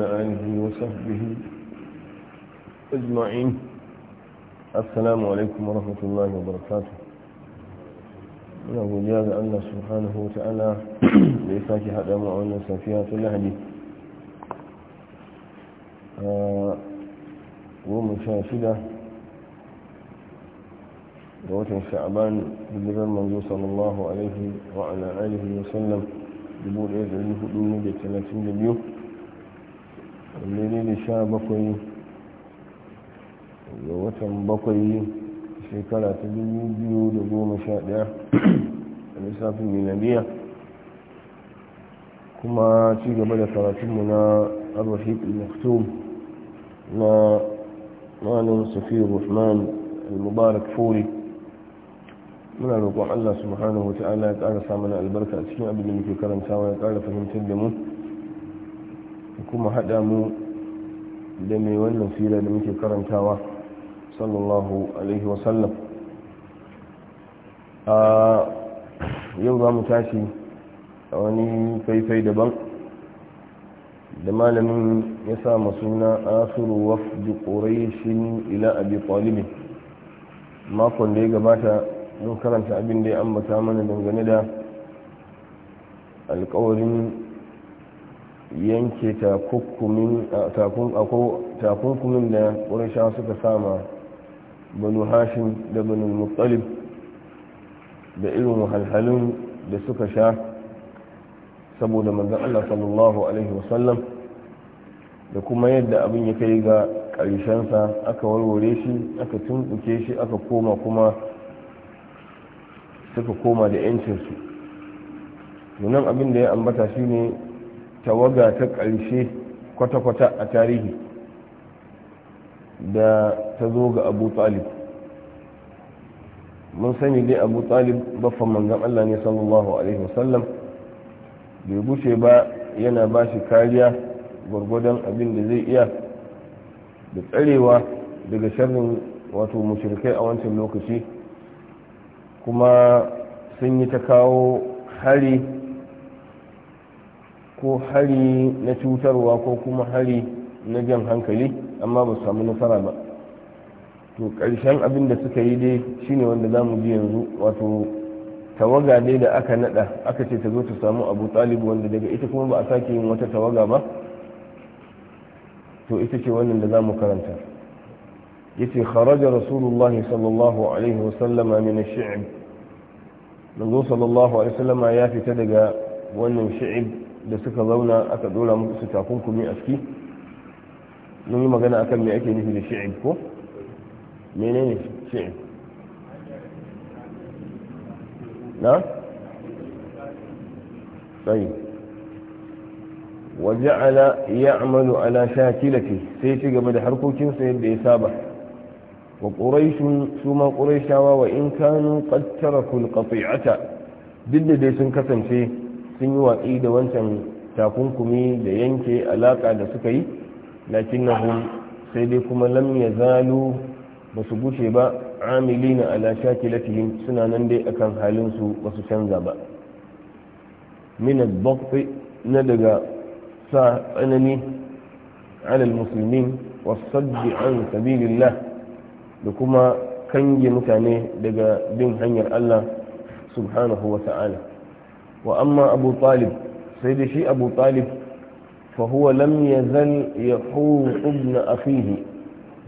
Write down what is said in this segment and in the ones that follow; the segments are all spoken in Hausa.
وعلى آله وصحبه أجمعين السلام عليكم ورحمة الله وبركاته من أبو جاد أن سبحانه وتعالى ليساك حد أمعنا سفيات الهدي ومشاشدة دوت الشعبان بالنبى المنزو صلى الله عليه وعلى آله وسلم جبور إذن الهدوم جتلاتين اليوم menene sha bakwai ga watan bakwai shekara ta dubu biyu da goma sha daya a lissafin milaniya kuma ci gaba da karatunmu na arwafiq al-maktum na malam safiyar rahman al-mubarak furi muna roƙon allah subhanahu wa ta'ala ya ƙara sa mana albarka a cikin abin da muke karantawa ya ƙara fahimtar da mu kuma hada mu da mai wannan sira da muke karantawa sallallahu alaihi wasallam a yau za mu tashi a wani faifai daban da malamin ya sa suna asiru wafdi ƙorashin ila abi ƙwalibin makon da ya gabata don karanta abin da ya ambata mana dangane da alkawarin yanke takunkumin da ƙurasha suka sama banu hashin da banu mutsalib da irin wahalhalun da suka sha saboda manzan allah sallallahu alaihi wasallam da kuma yadda abin ya kai ga ƙarshensa aka warware shi aka tumɓuke shi aka koma kuma suka koma da 'yancinsu nunan abin da ya ambata shine tawaga ta ƙarshe kwata-kwata a tarihi da ta zo ga abu talib mun sani dai abu talib baffan manzan allah ne sallallahu alaihi wasallam bai gushe ba yana ba shi kariya gwargwadon abin da zai iya da tsarewa daga sharrin wato mushrikai a wancan lokaci kuma sun yi ta kawo hari ko hari na cutarwa ko kuma hari na jan hankali amma ba su samu nasara ba to ƙarshen abin da suka yi dai shine wanda za mu ji yanzu wato tawaga dai da aka nada aka ce ta zo ta samu abu talib wanda daga ita kuma ba a sake yin wata tawaga ba to ita ce wannan da za mu karanta yace kharaja rasulullahi sallallahu alaihi wasallama min ash-shi'b manzo sallallahu alaihi wasallama ya fita daga wannan shi'ib da suka zauna aka dora musu takunkumi a ciki mun yi magana akan me ake nufi da shi'ib ko menene shi'ib na sai waja'ala ya'malu ala shakilati sai ci gaba da harkokinsa yadda ya saba wa quraishun su ma quraishawa wa in kanu qad taraku qatiata duk da dai sun kasance sun yi watsi da wancan takunkumi da yanke alaƙa da suka yi lakin na sai dai kuma lamya zalu ba su gushe ba amili na alasha kilatihim suna nan dai akan halinsu ba su canza ba minas bakwai na daga sa tsanani alal musulmin wasaddi an sabilillah da kuma kange mutane daga bin hanyar allah subhanahu wa ta'ala wa amma abu talib sai da shi abu talib fa huwa lam yazal yahuq ibn akhihi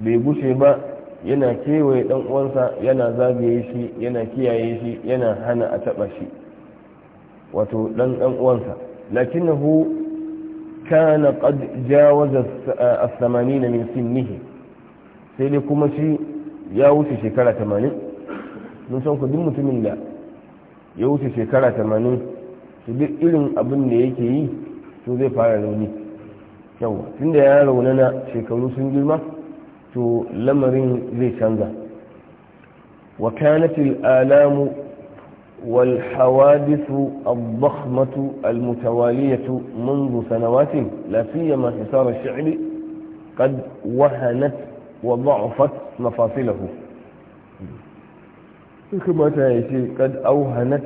bai gushe ba yana kewaye dan uwansa yana zagaye shi yana kiyaye shi yana hana a taba shi wato dan dan uwansa lakinnahu kana qad jawaza as min sinnihi sai dai kuma shi ya wuce shekara 80 mun san ku duk mutumin da ya wuce shekara 80 to duk irin abin da yake yi to zai fara rauni yau tun da ya raunana shekaru sun girma to lamarin zai canza wa kanatil alamu wal hawadithu ad-dakhmatu al-mutawaliyatu منذ سنوات لا سيما حصار wahanat wa وهنت وضعفت مفاصله كما تايشي kad auhanat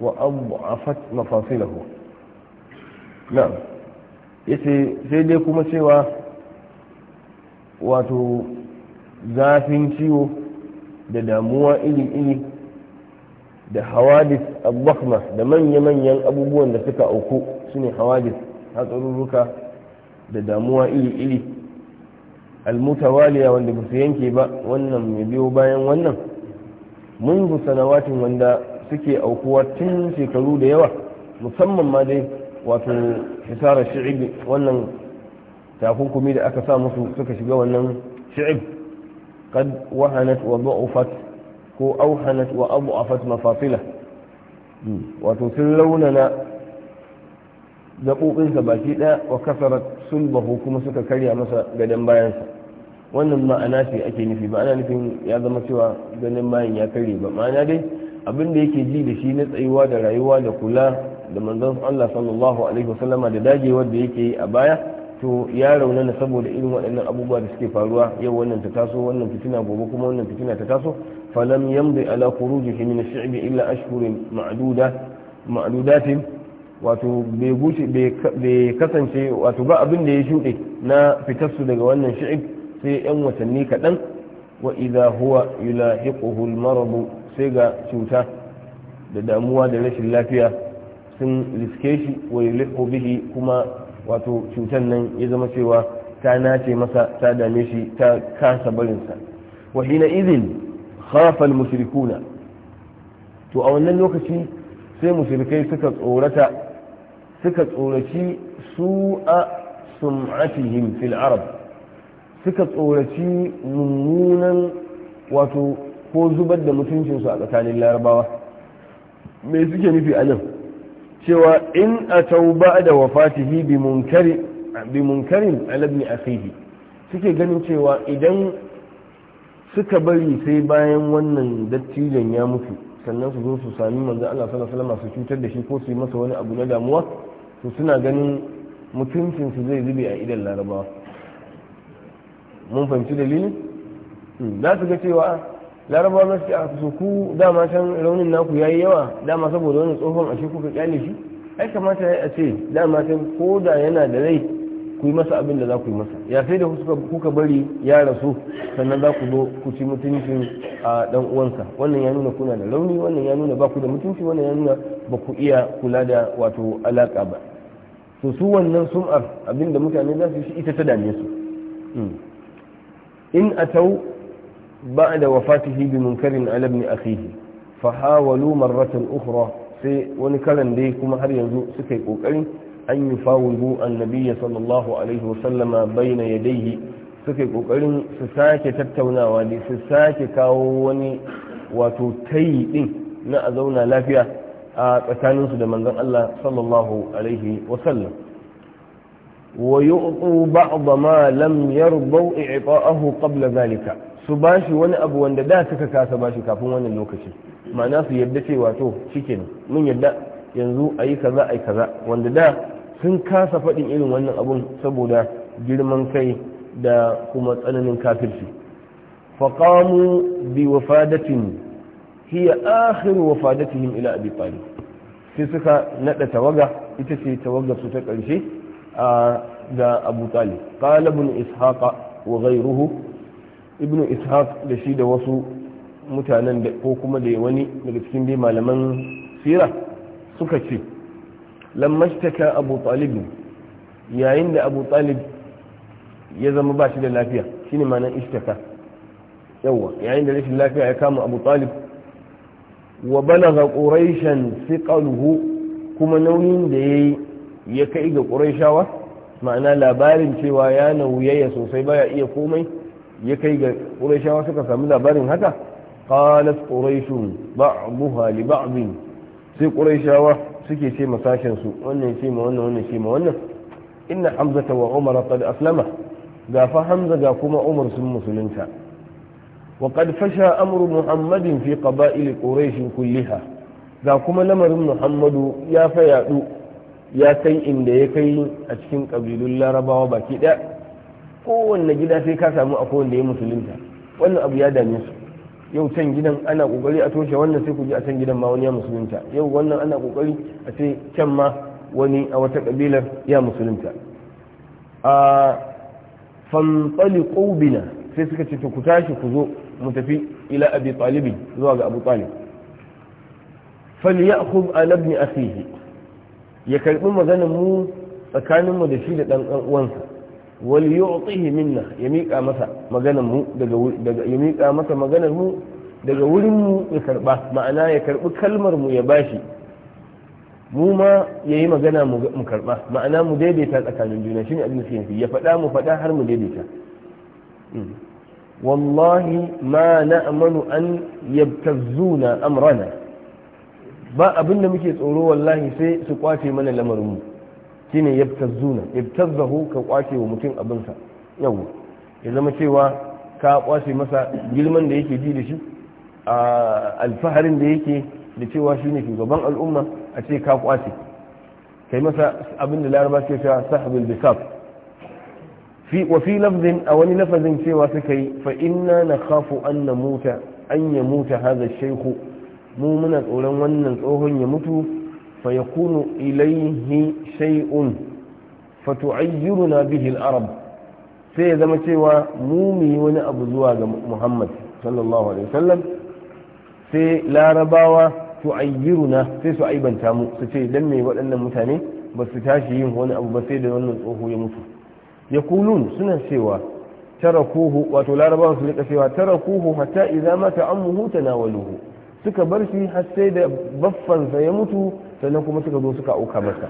وأضعفت مفاصله نعم yace sai dai kuma cewa wato zafin ciwo da damuwa iri-iri da hawadis abubuwa da manya-manyan abubuwan da suka auku su ne hawadis hatsarurruka da damuwa iri-iri almutawaliya wanda ba su yanke ba wannan mai biyo bayan wannan mun sanawatin wanda suke aukuwa tun shekaru da yawa musamman ma dai wato hisara shi'ib wannan takunkumi da aka sa musu suka shiga wannan shi'ib kad wahanat wa du'ufat ko auhanat wa abu'afat mafasila wato sun launana gaɓoɓinsa baki ɗaya wa kasarat sulbahu kuma suka karya masa gadon bayansa wannan ma'ana ce ake nufi ba ana nufin ya zama cewa ganin bayan ya karye ba ma'ana dai abin da yake ji da shi na tsayuwa da rayuwa da kula da manzon Allah sallallahu alaihi wasallama da dagewar da yake yi a baya to ya raunana saboda irin waɗannan abubuwa da suke faruwa yau wannan ta taso wannan fitina gobe kuma wannan fitina ta taso falam yamdi ala khurujihi min ash-shi'b illa ashhurin ma'duda ma'dudatin wato bai guce bai kasance wato ba abin da ya shuɗe na fitar su daga wannan shi'ib sai yan watanni kaɗan wa idha huwa yulahiquhu al-marad sai ga cuta da damuwa da rashin lafiya sun riske shi wai bihi kuma wato cutar nan ya zama cewa ta nace masa ta dame shi ta kasa barinsa wa hina idin khafa al-mushrikuna to a wannan lokaci sai mushrikai suka tsorata suka tsoraci su a sum'atihim fil arab suka tsoraci mummunan wato ko zubar da mutuncinsu a tsakanin larabawa me suke nufi a nan cewa in a tauba da wafatihi bi munkarin alabni akhihi suke ganin cewa idan suka bari sai bayan wannan dattijan ya mutu sannan su zo su sami manzan Allah sallallahu alaihi su cutar da shi ko su yi masa wani abu na damuwa to suna ganin mutuncinsu zai zube a idan larabawa mun fahimci dalilin hmm. za su ga cewa larabawa suke a su ku dama can raunin naku ya yi yawa dama saboda wani tsohon ashe kuka kyale shi ai kamata ya ce dama can ko da yana da rai ku yi masa abin da za ku yi masa ya sai da kuka bari ya rasu sannan za ku zo ku ci mutuncin a dan uwansa wannan ya nuna kuna da rauni wannan ya nuna ba ku da mutunci wannan ya nuna ba ku iya kula da wato alaka ba to su wannan sum'ar abin da mutane za su yi ita ta dame su hmm. in a tau. بعد وفاته بمنكر على ابن أخيه فحاولوا مرة أخرى sai wani karan dai kuma har yanzu suka yi kokarin an yi fawulu annabiya sallallahu alaihi wasallama baina yadayhi suka yi kokarin su sake tattaunawa ne su sake kawo wani wato tayi din na a lafiya a tsakanin su da manzon Allah sallallahu alaihi wasallam wa yu'tu ba'd ma lam yarbu i'ta'ahu qabla zalika su ba shi wani abu wanda da suka kasa ba shi kafin wannan lokaci ma'ana su yadda ce wato cikin mun yadda yanzu a yi kaza a yi kaza wanda da sun kasa faɗin irin wannan abun saboda girman kai da kuma tsananin kafirci faƙamu bi wafadatin hiya akhir wafadatihim ila abi talib sai suka nada tawaga ita ce tawagar su ta ƙarshe ga abu talib qala ibn ishaqa wa ghayruhu ibnu ishaq da shi da wasu mutanen da ko kuma da wani daga cikin dai malaman sira suka ce lammashtaka abu talib yayin da abu talib ya zama ba shi da lafiya shine ma'anar ishtaka yawa yayin da rashin lafiya ya kama abu talib wa balaga quraishan siqaluhu kuma nauyin da yayi ya kai ga quraishawa ma'ana labarin cewa ya nauyayya sosai baya iya komai ya kai ga ƙurashawa suka sami labarin haka qalat qurayshun buha li bin sai ƙurashawa suke ce masashin su wannan ce ma wannan wannan ce ma wannan inna ta wa umar qad aslama ga fa hamza ga kuma umar sun musulunta wa qad fasha amru muhammadin fi qaba'il quraish kulliha ga kuma lamarin muhammadu ya fa yadu ya kai inda ya kai a cikin ƙabilun larabawa baki ɗaya. kowanne gida sai ka samu a kowanne ya musulunta wannan abu ya dame su yau can gidan ana kokari a toshe wannan sai ku ji a can gidan ma wani ya musulunta yau wannan ana kokari a ce can ma wani a wata kabilar ya musulunta a fantsali kobina sai suka ce ku tashi ku zo mu tafi ila abi talibi zuwa ga abu talib fal ya'khudh ala ibn akhihi ya karbi maganar mu tsakaninmu da shi da dan uwansa wal yu'tihi minna ya miƙa masa maganar mu daga ya miƙa masa maganar daga wurin ya karba ma'ana ya karbi kalmar mu ya bashi mu ma ya yi magana mu karba ma'ana mu daidaita tsakanin juna shine abin da suke ya faɗa mu faɗa har mu daidaita hmm. wallahi ma na'manu an ba abin da muke tsoro wallahi sai su kwace mana lamarin mu shine yabtazzuna ka kwace wa mutum abinsa yau ya zama cewa ka kwace masa girman da yake ji da shi a alfaharin da yake da cewa shine shugaban al'umma a ce ka kwace kai masa abin da laraba ce cewa sahbul bisab fi wa fi lafzin a wani lafazin cewa suka yi fa inna nakhafu an namuta an yamuta hadha shaykhu mu muna tsoron wannan tsohon ya mutu فيكون إليه شيء فتعيرنا به Arab. sai ya zama cewa mumi wani abu zuwa ga muhammad sallallahu alaihi wasallam sai larabawa su ayyiruna sai su aibanta mu su ce dan me waɗannan mutane ba su tashi yin wani abu ba sai da wannan tsoho ya mutu ya kulun suna cewa tara kuhu wato larabawa su rika cewa tara kuhu an mu mata ammuhu tanawaluhu suka bar shi har sai da baffansa ya mutu sannan kuma suka zo suka auka masa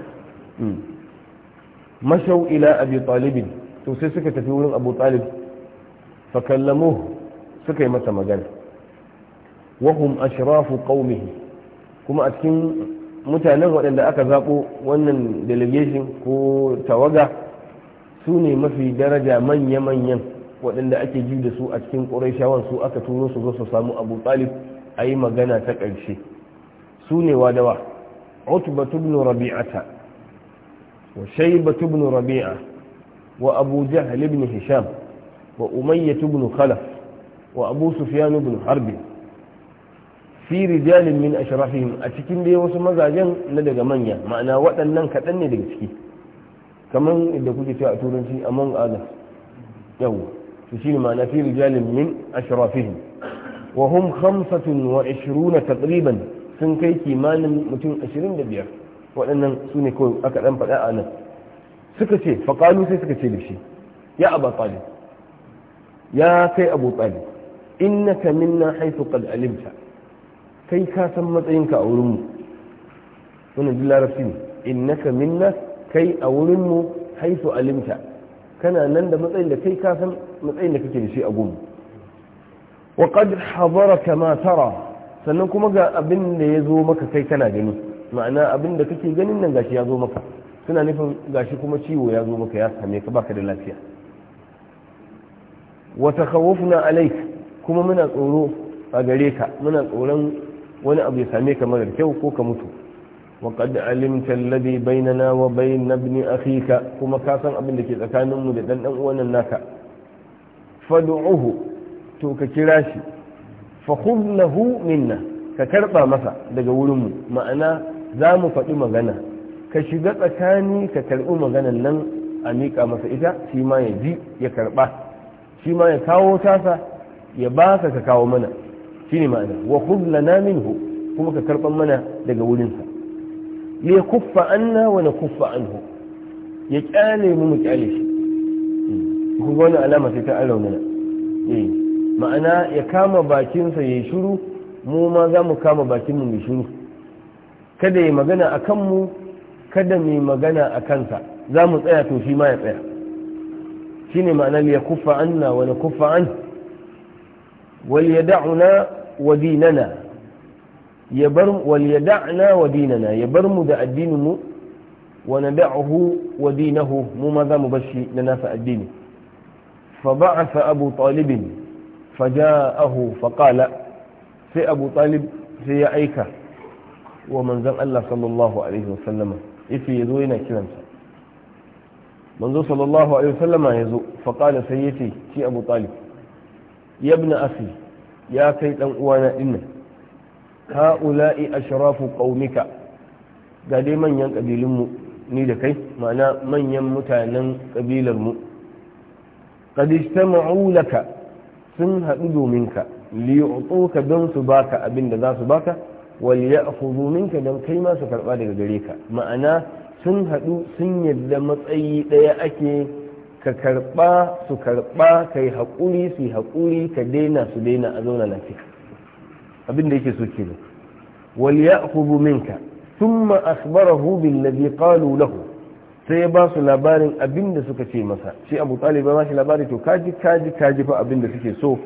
mashau ila abi talibin to sai suka tafi wurin abu talib fa suka yi masa magana wahum ashrafu qaumihi kuma a cikin mutanen waɗanda aka zaɓo wannan delegation ko tawaga su ne mafi daraja manya-manyan waɗanda ake ji da su a cikin ƙurayshawan su aka turo su zo su samu abu talib a yi magana ta ƙarshe su ne wadawa عتبة بن ربيعة وشيبة بن ربيعة وأبو جهل بن هشام وأمية بن خلف وأبو سفيان بن حرب fi rijalin min ashrafihim a cikin dai wasu mazajen na daga manya ma'ana waɗannan kaɗan ne daga ciki kamar inda kuke cewa a turanci among others yau su shi ne ma'ana fi rijalin min ashrafihim wa hum khamsatun wa ishruna taqriban sun kai kimanin mutum 25 waɗannan su ne kawai aka ɗan faɗa a nan suka ce faƙalu sai suka ce da shi ya abu talib ya kai abu talib ka minna haifu qad alimta kai ka san matsayinka a wurinmu wannan duk larabci ne ka minna kai a wurinmu haifu alimta kana nan da matsayin da kai ka san matsayin da kake da shi a gumu wa qad hadaraka ma tara sannan kuma ga abin da ya zo maka kai kana gani ma'ana abin da kake ganin nan gashi ya zo maka suna nufin gashi kuma ciwo ya zo maka ya same ka baka da lafiya wa takhawufna alayk kuma muna tsoro a gare ka muna tsoron wani abu ya same ka mara kyau ko ka mutu wa qad alimta alladhi bainana wa bain ibn akhika kuma ka san abin da ke tsakaninmu da dan dan uwan naka fad'uhu to ka kira shi fa lahu minna ka karba masa daga wurinmu ma'ana za mu faɗi magana ka shiga tsakani ka karɓi maganan nan a miƙa masa ita shi ma ya ji ya karɓa shi ma ya kawo tasa ya baka ka kawo mana shine ma'ana wa lana minhu kuma ka karɓan mana daga wurinsa ya kuffa anna wa na kuffa anhu ya kyale mu mu kyale shi hmm. kuma wani alama sai ta alaunana eh ma'ana ya kama bakinsa ya yi shuru mu ma za mu kama bakinmu mai shuru kada ya magana a kanmu kada mai magana a kansa za mu tsaya to shi ma ya tsaya shi ne ma'ana ya kufa anna wani kufa an wal ya da'una wa dinana ya bar wal ya da'na wa dinana ya bar mu da addinin mu wa nada'uhu wa dinahu mu ma za mu bar shi da nasa addini fa ba'atha abu talibin فجاءه فقال سي أبو طالب سي أيكا ومن زن الله صلى الله عليه وسلم إفي يزوينا كلمسا منذ صلى الله عليه وسلم يزو فقال سيتي سي أبو طالب يا ابن أخي يا كيت أوانا إن هؤلاء أشراف قومك قال من ينقبي لمو ni da kai ma'ana manyan mutanen ƙabilarmu ƙadistama'u laka sun haɗu domin ka ka don su baka abin da za su baka wal ya'khudhu minka don kai ma su karɓa daga gare ka ma'ana sun haɗu sun yadda matsayi ɗaya ake ka karɓa su ka kai haƙuri su yi haƙuri ka daina su daina a zauna lafiya abin da yake so kenan wal ya'khudhu minka thumma akhbarahu bil ladhi qalu lahu sai ya ba su labarin abin da suka ce masa shi abu talib ba shi labari to kaji kaji kaji fa abin da suke so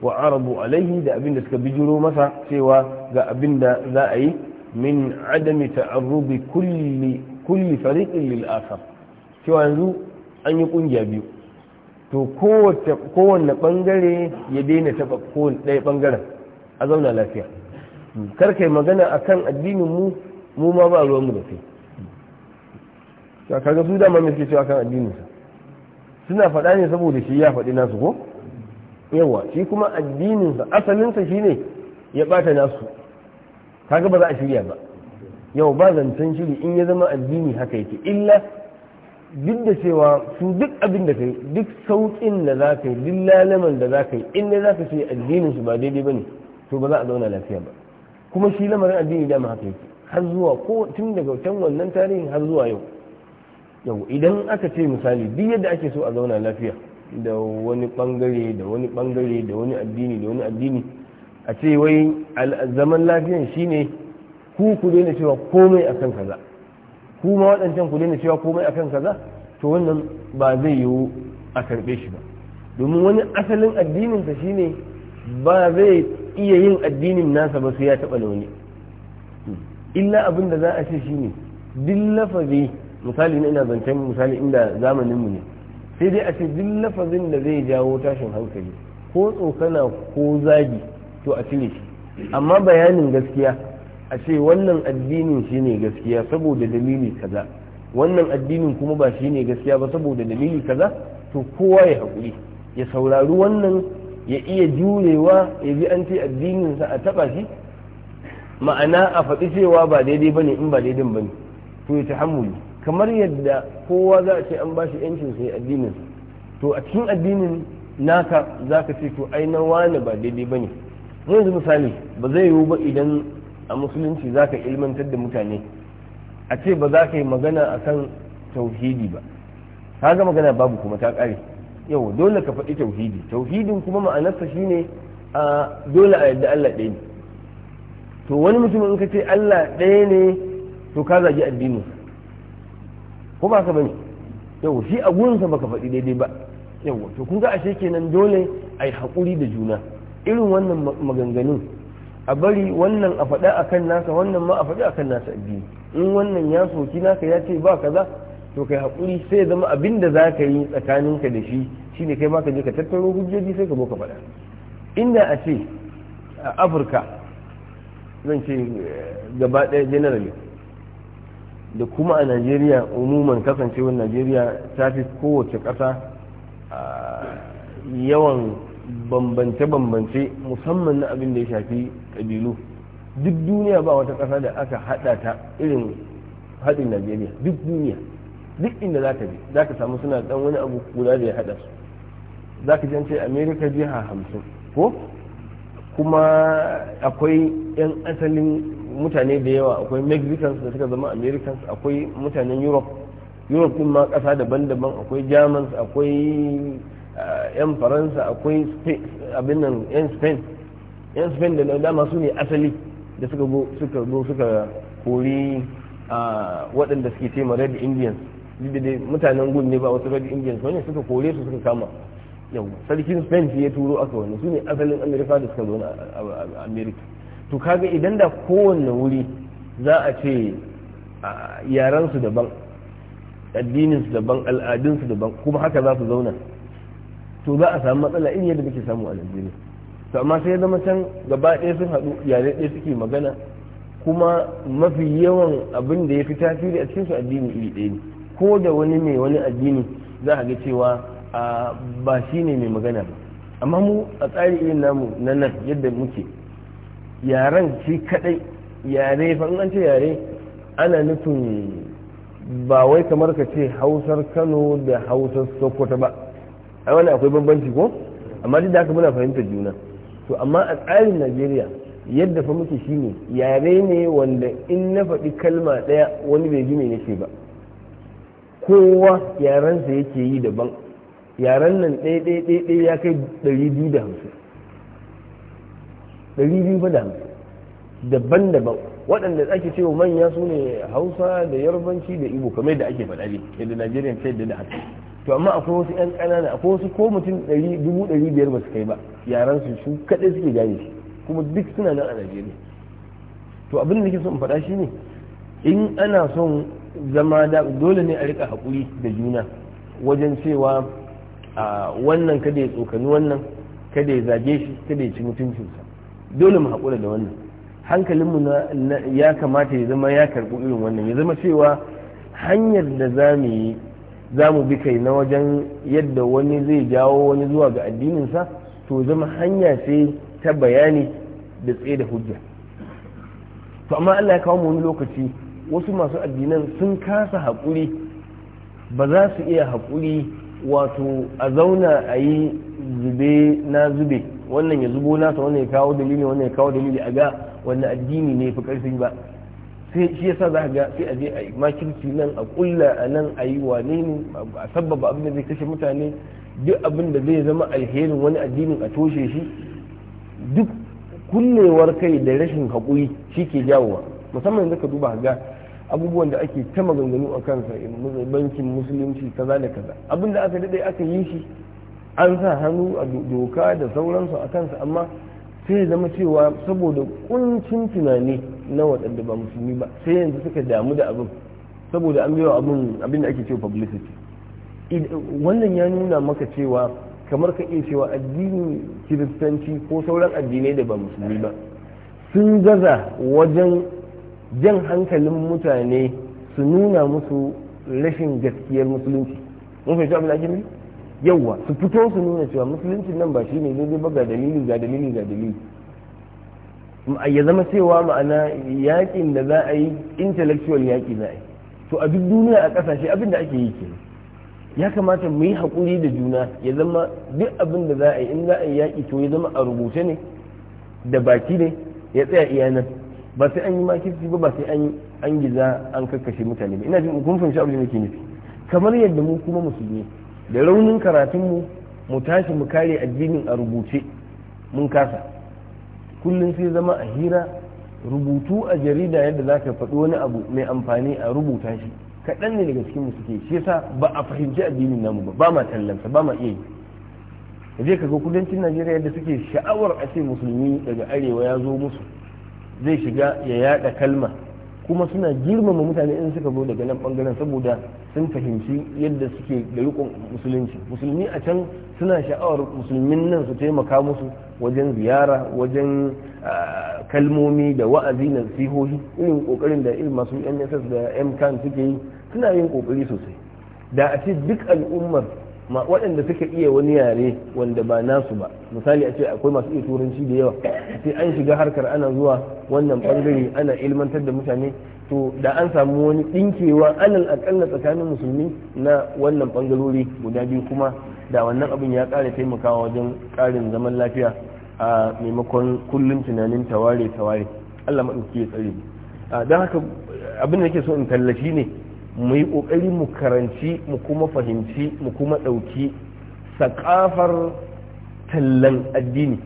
wa arabu alaihi da abin da suka bijiro masa cewa ga abin da za a yi min adami ta'arrubi kulli kulli fariqin lil akhar cewa yanzu an yi kungiya biyu to kowace kowanne bangare ya daina taba kowanne ɗaya bangaren a zauna lafiya kar kai magana akan addinin mu mu ma ba ruwan mu da kai to kaga su dama mai suke cewa kan addininsa suna faɗa ne saboda shi ya faɗi nasu ko yawa shi kuma addininsa asalinsa shine ya bata nasu kaga ba za a shirya ba yau ba zancen shiri in ya zama addini haka yake illa duk da cewa su duk abin da kai duk sauƙin da za ka yi duk lalaman da za ka yi in za ka ce addinin su ba daidai ba ne to ba za a zauna lafiya ba kuma shi lamarin addini dama haka yake har zuwa ko tun daga can wannan tarihin har zuwa yau yau idan aka ce misali duk yadda ake so a zauna lafiya da wani bangare da wani bangare da wani addini da wani addini a ce wai zaman lafiyan shine ku ku daina cewa komai akan kaza ku ma waɗancan ku daina cewa komai akan kaza to wannan ba zai yiwu a karɓe shi ba domin wani asalin addininsa shine ba zai iya yin addinin nasa ba sai ya taɓa da illa abin da za a ce shine duk lafazi misali na ina zancen misali inda zamanin mu ne sai dai a ce duk lafazin da zai jawo tashin hankali ko tsokana ko zagi to a cire shi amma bayanin gaskiya a ce wannan addinin shi ne gaskiya saboda dalili kaza wannan addinin kuma ba shi ne gaskiya ba saboda dalili kaza to kowa ya haƙuri ya saurari wannan ya iya jurewa ya bi an ce addininsa a taɓa shi ma'ana a faɗi cewa ba daidai ba ne in ba daidai ba ne to ya ta hamuli kamar yadda kowa za a ce an bashi yancin sai addinin to a cikin addinin naka za ka ce to ai na wane ba daidai ba ne yanzu misali ba zai yiwu ba idan a musulunci za ka ilmantar da mutane a ce ba za ka yi magana a kan tauhidi ba ka ga magana babu kuma ta ƙare yau dole ka faɗi tauhidi tauhidin kuma ma'anarsa shine a dole a yadda Allah ɗaya ne to wani mutum in ka ce Allah ɗaya ne to ka zagi addinin ko ba ka bane yau shi a gurinsa baka faɗi daidai ba yau to kun ga ashe kenan dole a yi haƙuri da juna irin wannan maganganun a bari wannan a faɗa a kan nasa wannan ma a faɗi a kan nasa biyu in wannan ya soki naka ya ce ba kaza to kai haƙuri sai ya zama abin da za ka yi tsakaninka da shi shine kai ma ka je ka tattaro hujjoji sai ka zo ka faɗa inda a ce a afirka zan ce eh, gaba ɗaya generally da kuma a najeriya umuman kasancewar najeriya ta fi kowace ƙasa yawan bambance-bambance musamman na abin da ya shafi kabilu duk duniya ba wata ƙasa da aka haɗa ta irin haɗin najeriya duk duniya duk inda za ka bi za ka samu suna ɗan wani abu guda da ya haɗa su za ka jance amerika jiha hamsin ko kuma akwai 'yan asalin mutane da yawa akwai mexicans da suka zama americans akwai mutanen europe europe din ma kasa daban-daban akwai germans akwai eh, 'yan faransa akwai abin nan 'yan spain 'yan spain da dama su ne asali da suka zo suka suka kori ah, waɗanda suke ce red indians duk mutanen gun ne ba wasu red indians wani suka kore su suka kama yau sarkin spain ya turo aka wani su ne asalin amerika da suka zo na amerika to kaga idan da kowane wuri za a ce su daban addininsu daban al'adunsu daban kuma haka za su zauna to za a samu matsala in yadda muke samu a najeriya to amma sai zama can gaba ɗaya sun haɗu yare ɗaya suke magana kuma mafi yawan abin da ya fi tasiri a cikinsu addini iri ɗaya ne ko da wani mai wani addini za a ga cewa ba shi ne mai magana ba amma mu a tsari irin namu na nan yadda muke yaren shi kadai yare fa an ce yare ana nufin ba wai kamar ka ce hausar kano da hausar sokoto ba ai wani akwai bambanci ko amma duk da haka muna fahimtar juna to amma a tsarin najeriya yadda fa muke shine yare ne wanda in na faɗi kalma ɗaya wani bai ji mai nake ba kowa yarensa yake yi daban yaren nan ɗaya ɗaya ya kai ɗari biyu da hamsin ɗari biyu ba da hamsin daban-daban waɗanda ake cewa manya su ne hausa da yarbanci da igbo kamar da ake faɗa ne yadda najeriya ta yadda da haka to amma akwai wasu yan ƙanana akwai wasu ko mutum ɗari dubu ɗari biyar ba su kai ba yaran su su kaɗai suke gane shi kuma duk suna nan a najeriya to abin da ke son faɗa shi ne in ana son zama da dole ne a riƙa haƙuri da juna wajen cewa wannan kada ya tsokani wannan kada ya zage shi kada ya ci mutuncinsa dole mu haƙura da wannan hankalinmu ya kamata ya zama ya karɓi irin wannan ya zama cewa hanyar da za mu yi za mu bi kai na wajen yadda wani zai jawo wani zuwa ga addininsa to zama hanya ce ta bayani da tsaye da hujja to amma Allah ya kawo mu wani lokaci wasu masu addinan sun kasa haƙuri ba za su iya haƙuri wato a zauna a yi zube na zube wannan ya zubo nasa wannan ya kawo dalili wannan ya kawo dalili a ga wannan addini ne fi karfi ba sai shi yasa za ga sai a je a makirci nan a kulla a nan a yi wane ne a sababa abin da zai kashe mutane duk abin da zai zama alherin wani addinin a toshe shi duk kullewar kai da rashin haƙuri shi ke jawowa musamman da ka duba ga abubuwan da ake ta maganganu a kansa bankin musulunci kaza da kaza abinda da aka daɗe aka yi shi an sa hannu a doka da sauransu a kansa amma sai ya zama cewa saboda kuncin tunani na waɗanda ba musulmi ba sai yanzu suka damu da abin saboda an biyo abin da ake cewa publicity wannan ya nuna maka cewa kamar ka iya cewa addini kiristanci ko sauran addinai da ba musulmi ba sun gaza wajen jan hankalin mutane su nuna musu rashin gaskiyar musulunci mun fahimci abin ajiyar ake su fito su nuna cewa musulunci nan ba shi ne zai ba ga dalili ga dalili ga dalili ya zama cewa ma'ana yakin da za a yi intellectual yaki za a yi to a duk duniya a kasashe abin da ake yi ke ya kamata mu haƙuri da juna ya zama duk abin da za a yi in za a yi yaki to ya zama a rubuce ne da baki ne ya tsaya iya nan ba sai an yi makirci ba ba sai an an giza an kakkashe mutane ba ina jin kun fahimci abin da nake nufi kamar yadda mu kuma musulmi da raunin karatunmu mu tashi mu kare addinin a rubuce mun kasa kullum sai zama a hira rubutu a jarida yadda za ka faɗi wani abu mai amfani a rubuta shi kaɗan ne daga cikin mu suke shi yasa ba a fahimci addinin namu ba ba ma tallansa ba ma iya yi ka ga kudancin najeriya yadda suke sha'awar a ce musulmi daga arewa ya zo musu zai shiga ya yada kalma kuma suna girmama mutane in suka zo daga nan bangaren saboda sun fahimci yadda suke da rikon musulunci musulmi a can suna sha'awar musulmin nan su taimaka musu wajen ziyara wajen ah, kalmomi da wa'azi na sihohi irin kokarin da irin masu mss da mcan suke yi suna yin kokari sosai da a ce duk al'ummar ma waɗanda suka iya wani yare wanda ba nasu ba misali a ce akwai masu iya turanci da yawa sai an shiga harkar ana zuwa wannan bangare ana ilmantar da mutane to da an samu wani ɗinkewa alal aƙalla tsakanin musulmi na wannan bangarori guda biyu kuma da wannan abin ya ƙara taimakawa wajen ƙarin zaman lafiya a maimakon kullum tunanin taware taware Allah maɗauki ya tsare don haka abin da nake so in tallafi ne mu yi ƙoƙari mu karanci mu kuma fahimci mu kuma ɗauki sakafar tallan addini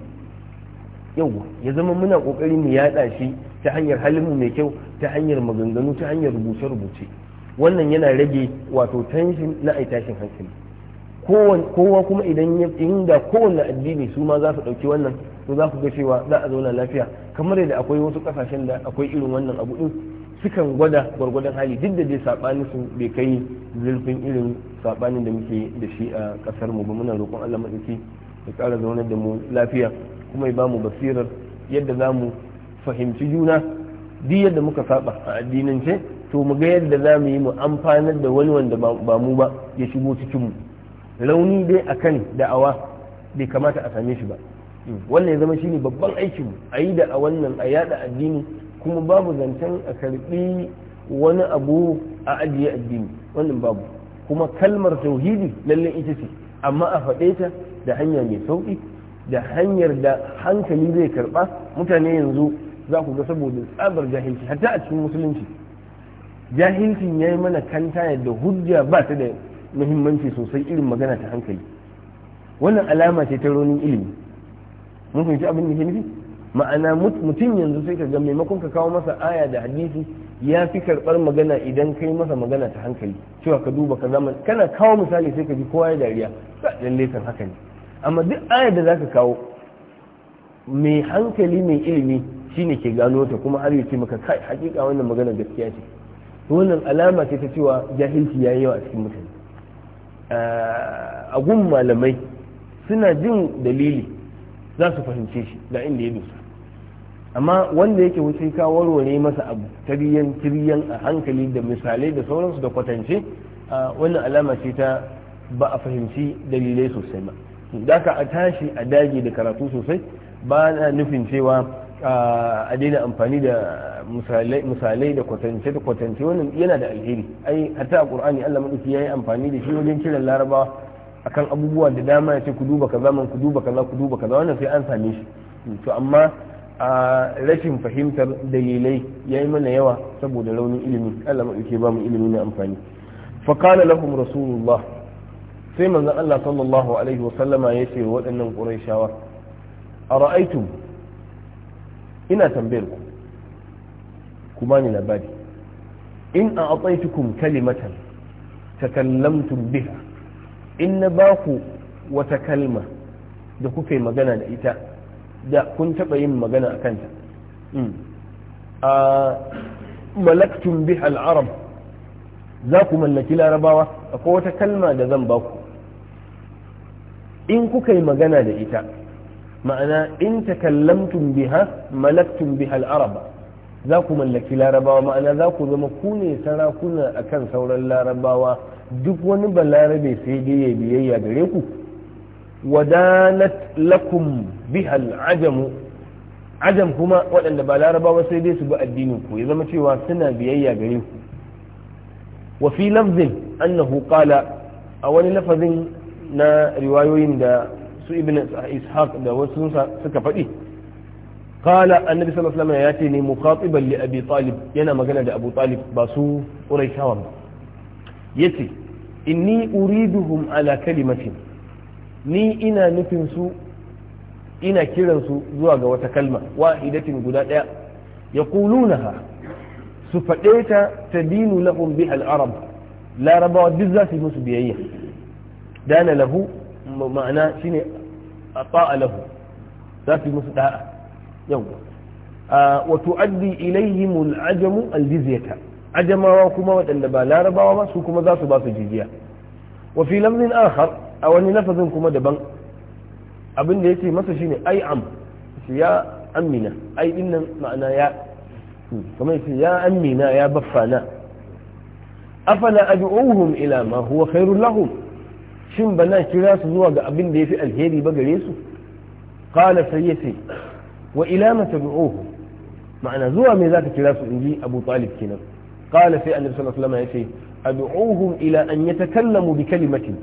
yau ya zama muna ƙoƙari mu yaɗa shi ta hanyar halinmu mai kyau ta hanyar maganganu ta hanyar rubuce-rubuce wannan yana rage wato tanshin na ai tashin hankali kowa kuma idan inda kowane addini su ma za su ɗauki wannan to za ku ga cewa za a zauna lafiya kamar yadda akwai wasu ƙasashen da akwai irin wannan abu din sukan gwada gwargwadon hali duk da dai sabani su bai kai zurfin irin saɓanin da muke da shi a ƙasar mu ba muna roƙon Allah maɗauki ya ƙara zaune da mu lafiya kuma ya bamu basirar yadda za mu fahimci juna duk yadda muka saba a addinance to mu ga yadda za mu yi mu amfanar da wani wanda ba mu ba ya shigo cikin mu rauni dai akan da'awa bai kamata a same shi ba wannan ya zama shine babban aikin mu a yi da a wannan a yada addini kuma babu zancen a karbi wani abu a ajiye addini wannan babu kuma kalmar tauhidi lallai ita ce amma a faɗe ta da hanya mai sauƙi da hanyar da hankali zai karɓa mutane yanzu za ku ga saboda tsabar jahilci hatta a cikin musulunci jahilcin ya yi mana kanta yadda hujja ba ta da muhimmanci sosai irin magana ta hankali wannan alama ce ta ronin ilimi mun fahimci abin da ke nufi ma'ana mutum yanzu sai ka ga maimakon ka kawo masa aya da hadisi ya fi karɓar magana idan kai masa magana ta hankali cewa ka duba ka zama kana kawo misali sai ka ji kowa ya dariya ba lalle kan haka ne amma duk aya da za ka kawo mai hankali mai ilimi shine ke gano ta kuma har yace maka kai hakika wannan magana gaskiya ce wannan alama ce ta cewa jahilci yayi yawa a cikin mutane ah, a gun malamai suna jin dalili za su fahimce shi da inda ya dusa amma wanda yake wuce kawo warware masa abu biyan tiriyan a hankali da misalai da sauransu da kwatance wannan alama ce ta ba a fahimci dalilai sosai ba daka a tashi a dage da karatu sosai ba na nufin cewa a daina amfani da misalai da kwatance da kwatance wannan yana da alheri ai hatta a qur'ani Allah ya yayi amfani da shi wajen kiran larabawa kan abubuwa da dama ya ce ku duba kaza man ku duba kaza ku duba kaza wannan sai an same shi to amma a rashin fahimtar dalilai ya yi mana yawa saboda raunin ilimi Allah maɗauke ba mu ilimi na amfani faƙala lahum rasulullah sai manzon Allah sallallahu alaihi wa sallama ya ce waɗannan ƙurayshawa a ra'aitum ina tambayar ku ku bani labari in a atsaitukum kalimatan takallamtum biha in na baku wata kalma da kuke magana da ita da kun taɓa yin magana a kanta a malaktum bi al'arab za ku mallaki larabawa akwai wata kalma da zan baku in kuka yi magana da ita ma'ana in takallamtum biha malaktum biha al'arab za ku mallaki larabawa ma'ana za ku zama ku ne sarakuna akan sauran larabawa duk wani balarabe sai dai ya biyayya gare ku wadanat lakum bihal ajamu ajam kuma waɗanda ba larabawa sai dai su bi addinin ya zama cewa suna biyayya gare ku wafi fi lafzin annahu qala a wani lafazin na riwayoyin da su ibn ishaq da wasu suka faɗi qala annabi sallallahu alaihi wasallam ya ce ne mukhatiban li abi talib yana magana da abu talib ba su quraishawa ba yace inni uriduhum ala kalimatin ni ina nufin su ina kiran su zuwa ga wata kalma wahidatin guda daya yaqulunaha su faɗe ta tadinu lahum bi al-arab larabawa duk za su yi musu biyayya dana lahu ma'ana shine ata'a lahu za su yi musu da'a yau wa tu'addi ilaihim al-ajam al-jizyata ajamawa kuma waɗanda ba larabawa ba su kuma za su ba su jijiya wa fi lafzin akhar a wani lafazin kuma daban abin da ce masa shine ai am ya amina ai dinnan ma'ana ya hmm. kuma yace ya amina ya baffana afala ad'uhum ila ma huwa khairul lahum shin bana kira su zuwa ga abin da yafi alheri ba gare su qala sayyati wa ila ma tad'uhum ma'ana zuwa me zaka kira su inji abu talib kenan qala sai annabi sallallahu alaihi wasallam yace ad'uhum ila an yatakallamu bi kalimatin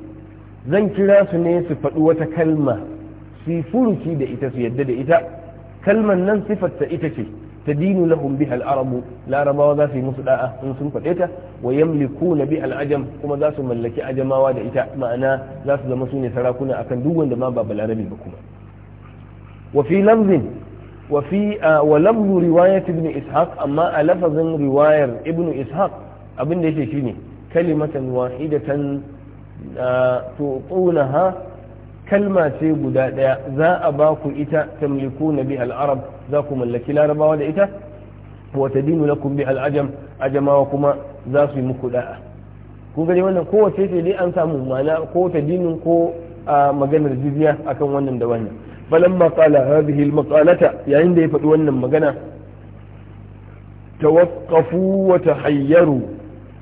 zan kira su ne su faɗi wata kalma su furuci da ita su yadda da ita kalman nan sifarta ita ce ta dinu lahum biha al-arabu larabawa za su yi musu da'a in sun faɗe ta wa yamlikuna biha al-ajam kuma za su mallaki ajamawa da ita ma'ana za su zama su ne sarakuna akan duk wanda ma ba balarabi ba kuma wa fi lafzin wa fi wa lafzu riwayat ibn ishaq amma a lafazin riwayar ibn ishaq abin da yake shine kalimatan wahidatan tutunaha kalma ce guda daya za a ba ku ita na bi al'arab za ku mallaki larabawa da ita wa dinu lakum bi al'ajam a ajamawa kuma za su yi muku da'a ku gani wannan kowace ce dai an samu mana ko ta dinu ko a maganar jizya akan wannan da wannan balan qala hadhihi maqalata yayin da ya faɗi wannan magana tawaqqafu wa tahayyaru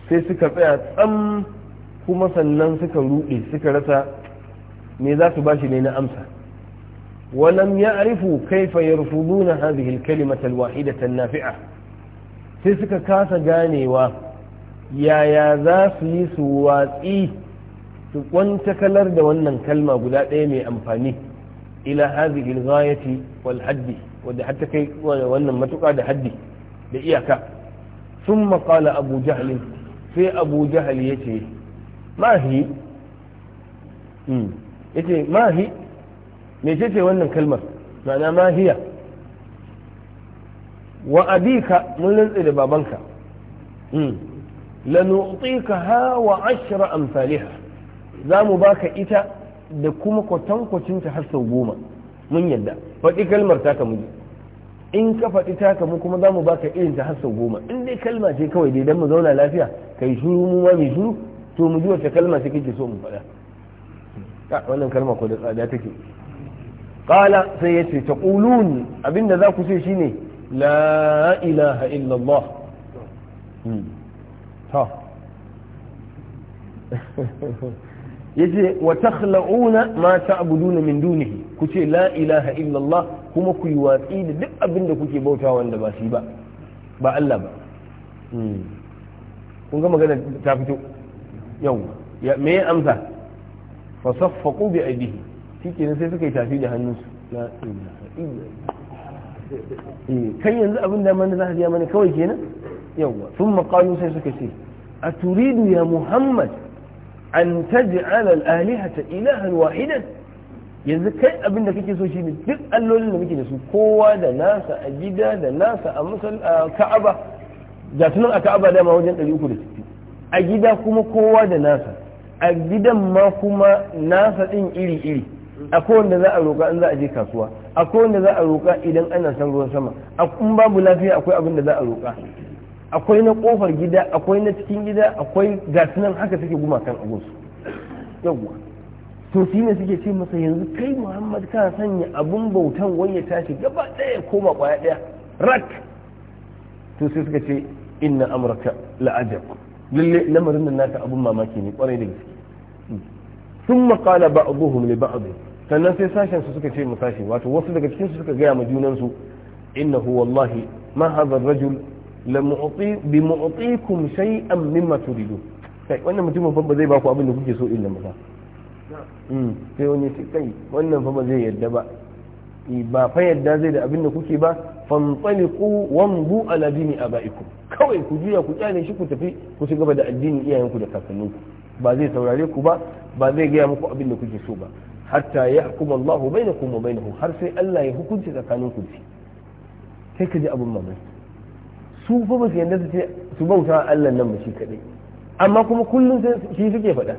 sai suka tsaya tsam kuma sannan suka ruɗe suka rasa me za su bashi ne na amsa walam ya'rifu kaifa yarfuduna hadhihi al-kalimata al-wahidata an-nafi'a sai suka kasa ganewa yaya za su yi su watsi su kwantakalar da wannan kalma guda ɗaya mai amfani ila hadhihi al-ghayati wal haddi wadda hatta kai wannan matuƙa da haddi da iyaka ثم قال أبو sai في أبو جهل يتي ma hi hmm. yace ma hi mecece wannan kalmar ma'ana ma hiya wa abika mun rantsi da babanka hmm. lanu'tika ha wa ashra amsalha za mu baka ita da kuma kwatankwacin ta har sau goma mun yadda faɗi kalmar taka muni in ka faɗi taka mu kuma za mu baka irin ta har sau goma in dai kalma ce kawai dai don mu zauna lafiya kai shuru mu ma mai shuru to mu ji wacce kalma take ke so mu faɗa wannan kalma ko da tsada take qala sai yace taqulun abinda za ku ce shine la ilaha illallah hmm. ta yace wa takhla'una ma ta'buduna min dunihi kuce la ilaha illallah kuma ku yi watsi da duk abinda kuke bauta wanda ba shi ba ba Allah ba hmm. kun ga magana ta fito yau me ya amsa fa saffaqu bi aidihi shikenan sai suka yi tafi da hannunsu la ilaha illa eh, kai yanzu abin da man za ka mani kawai kenan yawwa thumma qalu sai suka ce aturidu ya muhammad an taj'ala al-alihata ilahan wahidan yanzu kai abin da kake so shi ne duk allolin da muke da su kowa da nasa a gida da nasa a ka'aba ga tunan a ka'aba dama wajen 300 a gida kuma kowa da nasa a gidan ma kuma nasa ɗin iri-iri akwai wanda za a roƙa in za a je kasuwa akwai wanda za a roƙa idan ana san ruwan sama in babu lafiya akwai abin da za a roƙa akwai na ƙofar gida akwai na cikin gida akwai gasu nan haka suke gumakan a gunsu yawwa to shi ne suke ce masa yanzu kai muhammad ka sanya abin bautan wani ya tashi gaba ɗaya koma kwaya ɗaya rak to sai suka ce inna amurka la'ajab lalle lamarin nan naka abun mamaki ne kwarai da gaske sun makala ba abuhum li ba'd sannan sai sashen su suka ce mu sashi wato wasu daga cikin su suka gaya ma junan su innahu wallahi ma hadha rajul la mu'ti bi mu'tikum shay'an mimma kai wannan mutumin fa ba zai ba ku abin da kuke so illa ba mm, sai wani ce kai wannan fa ba zai yadda ba ba fa yadda zai da abin da kuke ba fantaliqu wamdu ala dini abaikum kawai ku juya ku kyale shi ku tafi ku ci gaba da addinin iyayenku da kakanninku ba zai saurare ku ba ba zai gaya muku abin da kuke so ba hatta hukuma Allahu bainakum wa bainahu har sai Allah ya hukunci tsakaninku ku shi kai ka ji abin mamaki su fa ba su yarda su ce su bauta Allah nan ba shi kadai amma kuma kullum sai shi suke faɗa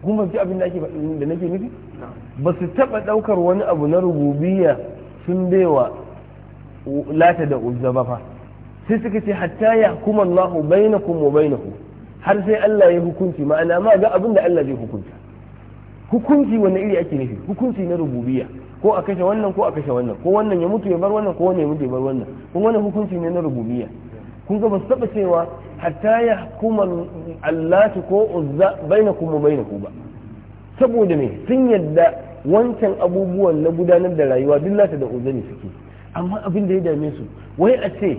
kun ba abin da ake da nake nufi ba su taɓa ɗaukar wani abu na rububiyya sun baiwa lata da uzza ba fa sai suka ce hatta ya kuma Allah bainakum wa bainahu har sai Allah ya hukunci ma'ana ma ga abin da Allah zai hukunta hukunci wani iri ake nufi hukunci na rububiyya ko a kashe wannan ko a kashe wannan ko wannan ya mutu ya bar wannan ko wannan ya mutu ya bar wannan kun wannan hukunci ne na rububiyya kun ga ba su taɓa cewa hatta ya kuma Allah ko uzza bainakum wa bainahu ba saboda me sun yadda wancan abubuwan na gudanar da rayuwa duk lata da uzuri suke amma abin da ya dame su wai a ce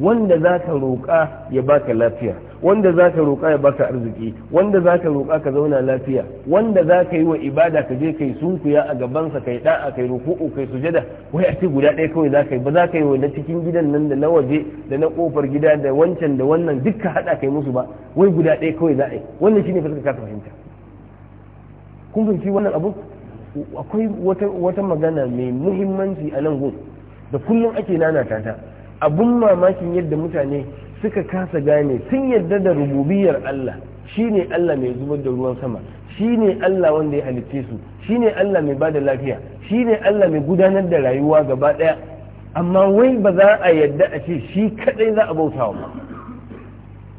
wanda za ka roƙa ya baka lafiya wanda za ka roƙa ya baka arziki wanda za ka roƙa ka zauna lafiya wanda za ka yi wa ibada ka je kai sunkuya a gabansa kai da'a kai ruku'u kai sujada wai a ce guda ɗaya kawai za ka yi ba za ka yi wa na cikin gidan nan da na waje da na kofar gida da wancan da wannan duka haɗa kai musu ba wai guda ɗaya kawai za a yi wannan shine fa suka kasa fahimta kun fahimci wannan abu akwai wata magana mai muhimmanci a nan gun da kullum ake nanata ta abun mamakin yadda mutane suka kasa gane sun yarda da rububiyar Allah shine Allah mai zubar da ruwan sama shine Allah wanda ya halitte su shine Allah mai bada lafiya shine Allah mai gudanar da rayuwa gaba daya amma wai ba za a yarda a ce shi kadai za a bautawa ba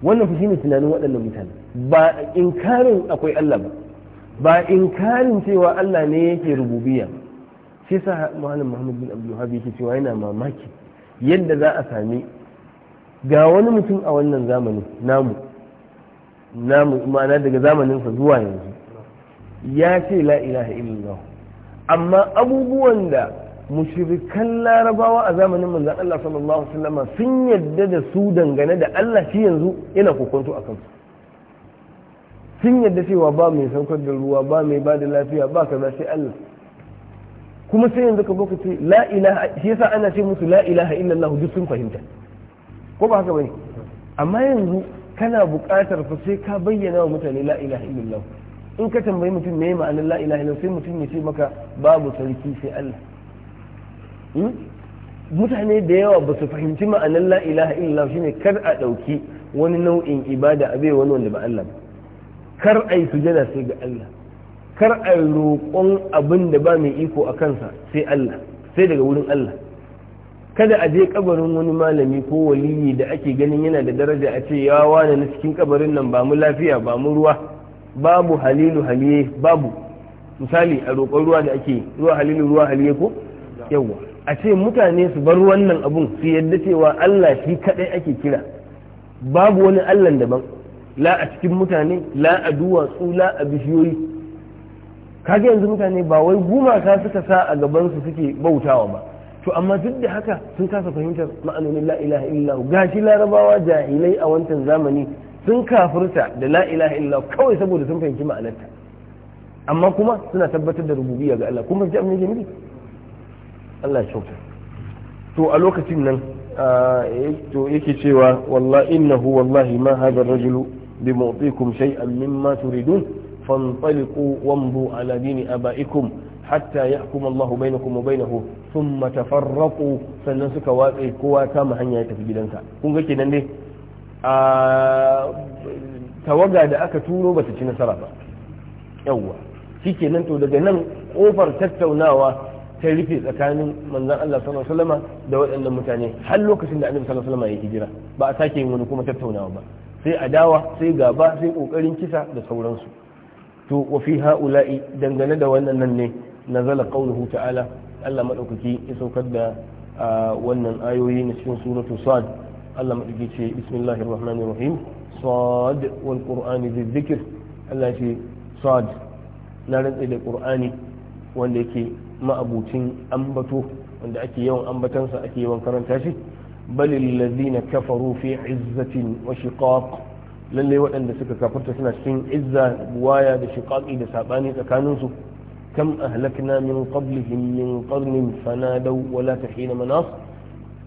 wannan fa shine tunanin waɗannan mutane ba inkarin akwai Allah ba ba in karin cewa Allah ne yake rububiya shi sa malam Muhammad bin Abdul Wahhab yake cewa yana mamaki yadda za a sami ga wani mutum a wannan zamani namu namu ma'ana daga zamaninsa zuwa yanzu ya ce la ilaha illallah amma abubuwan da mushrikan larabawa a zamanin manzon Allah sallallahu alaihi sun yadda da su dangane da Allah shi yanzu yana kokonto a kansu sun yadda cewa ba mai saukar da ruwa ba mai ba da lafiya ba ka sai Allah kuma sai yanzu ka baka ce la ilaha shi yasa ana ce musu la ilaha illallah duk sun fahimta ko ba haka bane amma yanzu kana buƙatar fa sai ka bayyana wa mutane la ilaha illallah in ka tambayi mutum me ma'anar la ilaha illallah sai mutum ya ce maka babu sarki sai Allah hmm? mutane da yawa ba su fahimci ma'anar la ilaha illallah shine kar a ɗauki wani nau'in ibada a bai wani wanda ba Allah ba kar a yi sujada sai ga Allah kar a yi roƙon abin da ba mai iko a kansa sai Allah sai daga wurin Allah kada a je kabarin wani malami ko waliyi da ake ganin yana da daraja a ce ya wane na cikin kabarin nan ba mu lafiya ba mu ruwa babu halilu haliye babu misali a roƙon ruwa da ake ruwa halilu ruwa haliye ko yawa a ce mutane su bar wannan abun su yadda cewa Allah shi kadai ake kira babu wani Allah daban la a cikin mutane la a duwatsu la a bishiyoyi kaga yanzu mutane ba wai gumaka suka sa a gaban su suke bautawa ba to amma duk da haka sun kasa fahimtar ma'anonin la ilaha illa gashi larabawa jahilai a wancan zamani sun kafirta da la ilaha illallah kawai saboda sun fahimci ma'anarta amma kuma suna tabbatar da rububiyya ga Allah kuma ji abin yake Allah ya kyauta to a lokacin nan ah, eh, to yake cewa wallahi innahu wallahi ma hadha rajulu بمعطيكم شيئا مما تريدون فانطلقوا وامضوا على دين آبائكم حتى يحكم الله بينكم وبينه ثم تفرقوا sannan suka watse kowa kama hanya ya tafi gidansa kun ga kenan ne a tawaga da aka turo ba ta ci nasara ba yawwa shikenan to daga nan kofar tattaunawa ta rufe tsakanin manzon Allah sallallahu alaihi da waɗannan mutane har lokacin da Annabi sallallahu alaihi wasallama ya jira ba a sake yin wani kuma tattaunawa ba sai adawa sai gaba sai kokarin kisa da sauransu to wa fi haula'i dangane da wannan nan ne nazala qauluhu ta'ala Allah madaukaki ya saukar da wannan ayoyi na cikin suratu sad Allah madaukaki ce bismillahir rahmanir rahim sad wal qur'ani dhikr Allah ce sad na rantsa da qur'ani wanda yake ma'abucin ambato wanda ake yawan ambatansa ake yawan karanta shi بل الذين كفروا في عزة وشقاق للي وأن دسك كفرت سنة سن عزة بوايا بشقاق إذا ساباني تكانوس كم أهلكنا من قبلهم من قرن فنادوا ولا تحين مناص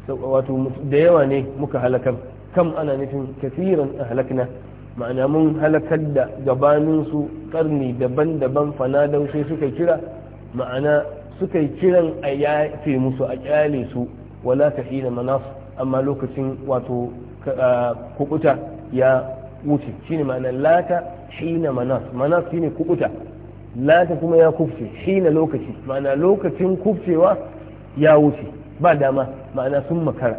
واتو ديواني مكهلكا كم أنا نفهم كثيرا أهلكنا ma'ana mun halakar da gabaninsu karni daban-daban fanadau sai suka kira ma'ana suka yi kiran a yafe musu a kyale su wala ta hina manas amma lokacin wato kukuta ya wuce shine ma'ana lata shi ne manas manas shine kukuta lata kuma ya kufce ne lokaci ma'ana lokacin kufcewa ya wuce ba dama ma'ana sun makara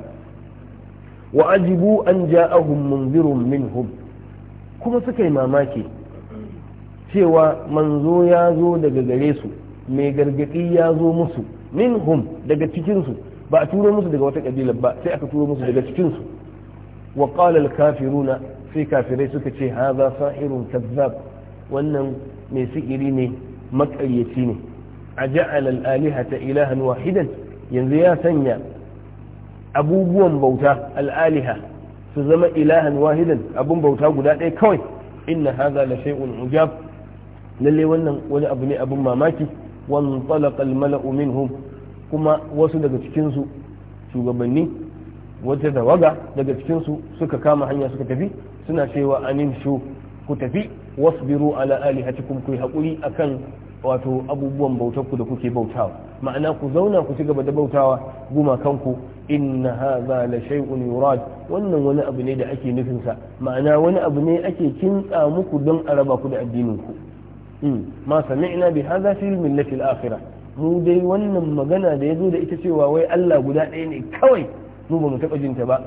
wa ajibu an ja'ahum munzirun minhum kuma suka yi mamaki cewa manzo ya zo daga gare su mai gargaɗi ya zo musu minhum daga cikinsu ba a turo musu daga wata kabila ba sai aka turo musu daga cikin su wa qala kafiruna sai kafirai suka ce hadha sahirun kazzab wannan mai sihiri ne makaryaci ne a ja'ala al'aliha ta ilahan wahidan yanzu ya sanya abubuwan bauta al'aliha su zama ilahan wahidan abun bauta guda ɗaya kawai inna haza la shay'un ujab lalle wannan wani abu ne abun mamaki وانطلق الملأ hu. kuma wasu daga cikinsu shugabanni wata waga daga cikinsu suka kama hanya suka tafi suna cewa anin shu ku tafi wasbiru ala alihatikum ku yi haƙuri akan wato abubuwan bautarku da kuke bautawa ma'ana ku zauna ku ci gaba da bautawa guma kanku inna hadha la shay'un yurad wannan wani abu ne da ake nufin sa ma'ana wani abu ne ake kintsa muku don a raba ku da addinin ku hmm. ma sami'na bi hadha fil millati al-akhirah mu dai wannan magana da ya zo da ita cewa wai Allah guda ɗaya ne kawai mu ba mu taɓa jinta ba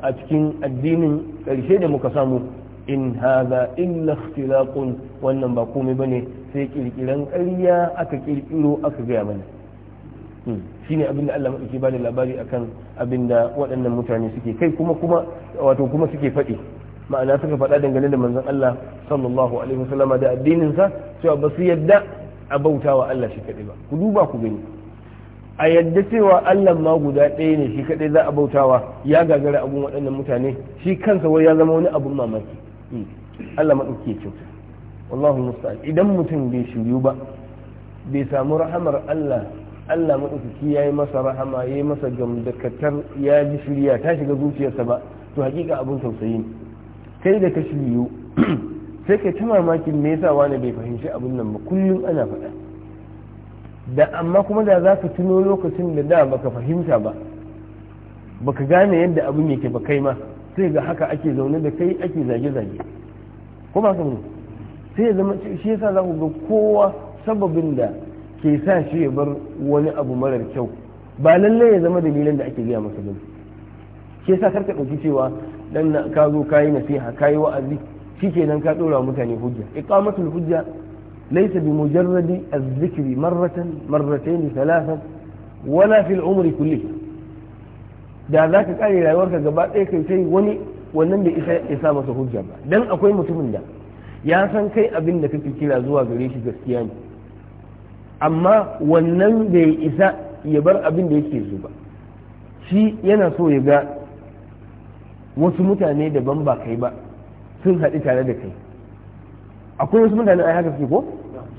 a cikin addinin ƙarshe da muka samu in haza illa ikhtilaqun wannan ba komai bane sai kirkiran ƙarya aka kirkiro aka gaya mana hmm, shine abin da Allah ba bada labari akan abinda waɗannan mutane suke kai kuma kuma wato kuma suke faɗi ma'ana suka faɗa dangane da manzon Allah sallallahu alaihi wasallama da addinin sa cewa ba su yadda a bauta wa Allah shi kaɗai ba ku duba ku gani a yadda cewa Allah ma guda ɗaya ne shi kaɗai za a bautawa ya gagara abun waɗannan mutane shi kansa wai ya zama wani abun mamaki hmm. Allah ma ya kyauta wallahu musta'an idan mutum bai shiryu ba bai samu rahamar Allah Allah ɗauke ya yi masa rahama ya yi masa gamdakatar ya ji shirya ta shiga zuciyarsa ba to hakika abun tausayi kai da ka shiryu sai kai ta mamakin me yasa wani bai fahimci abin nan ba kullum ana faɗa da amma kuma da za ka tuno lokacin da da baka fahimta ba baka gane yadda abin yake ba kai ma sai ga haka ake zaune da kai ake zage-zage ko ba ka sai ya zama shi yasa za ku ga kowa sababin da ke sa shi ya bar wani abu marar kyau ba lallai ya zama dalilin da ake gaya masa ba shi yasa karka ɗauki cewa dan ka zo ka kayi nasiha kayi wa'azi nan ka dora mutane hujja iqamatul hujja laysa bi mujarradi az-zikri marratan marratayn thalathan wala fil umri da za ka kare rayuwarka gaba ɗaya kai sai wani wannan bai isa ya sa masa hujja ba dan akwai mutumin da ya san kai abin da kake kira zuwa gare shi gaskiya ne amma wannan bai isa ya bar abin da yake so ba shi yana so ya ga wasu mutane daban ba kai ba sun haɗu tare da kai akwai wasu mutane ai haka suke ko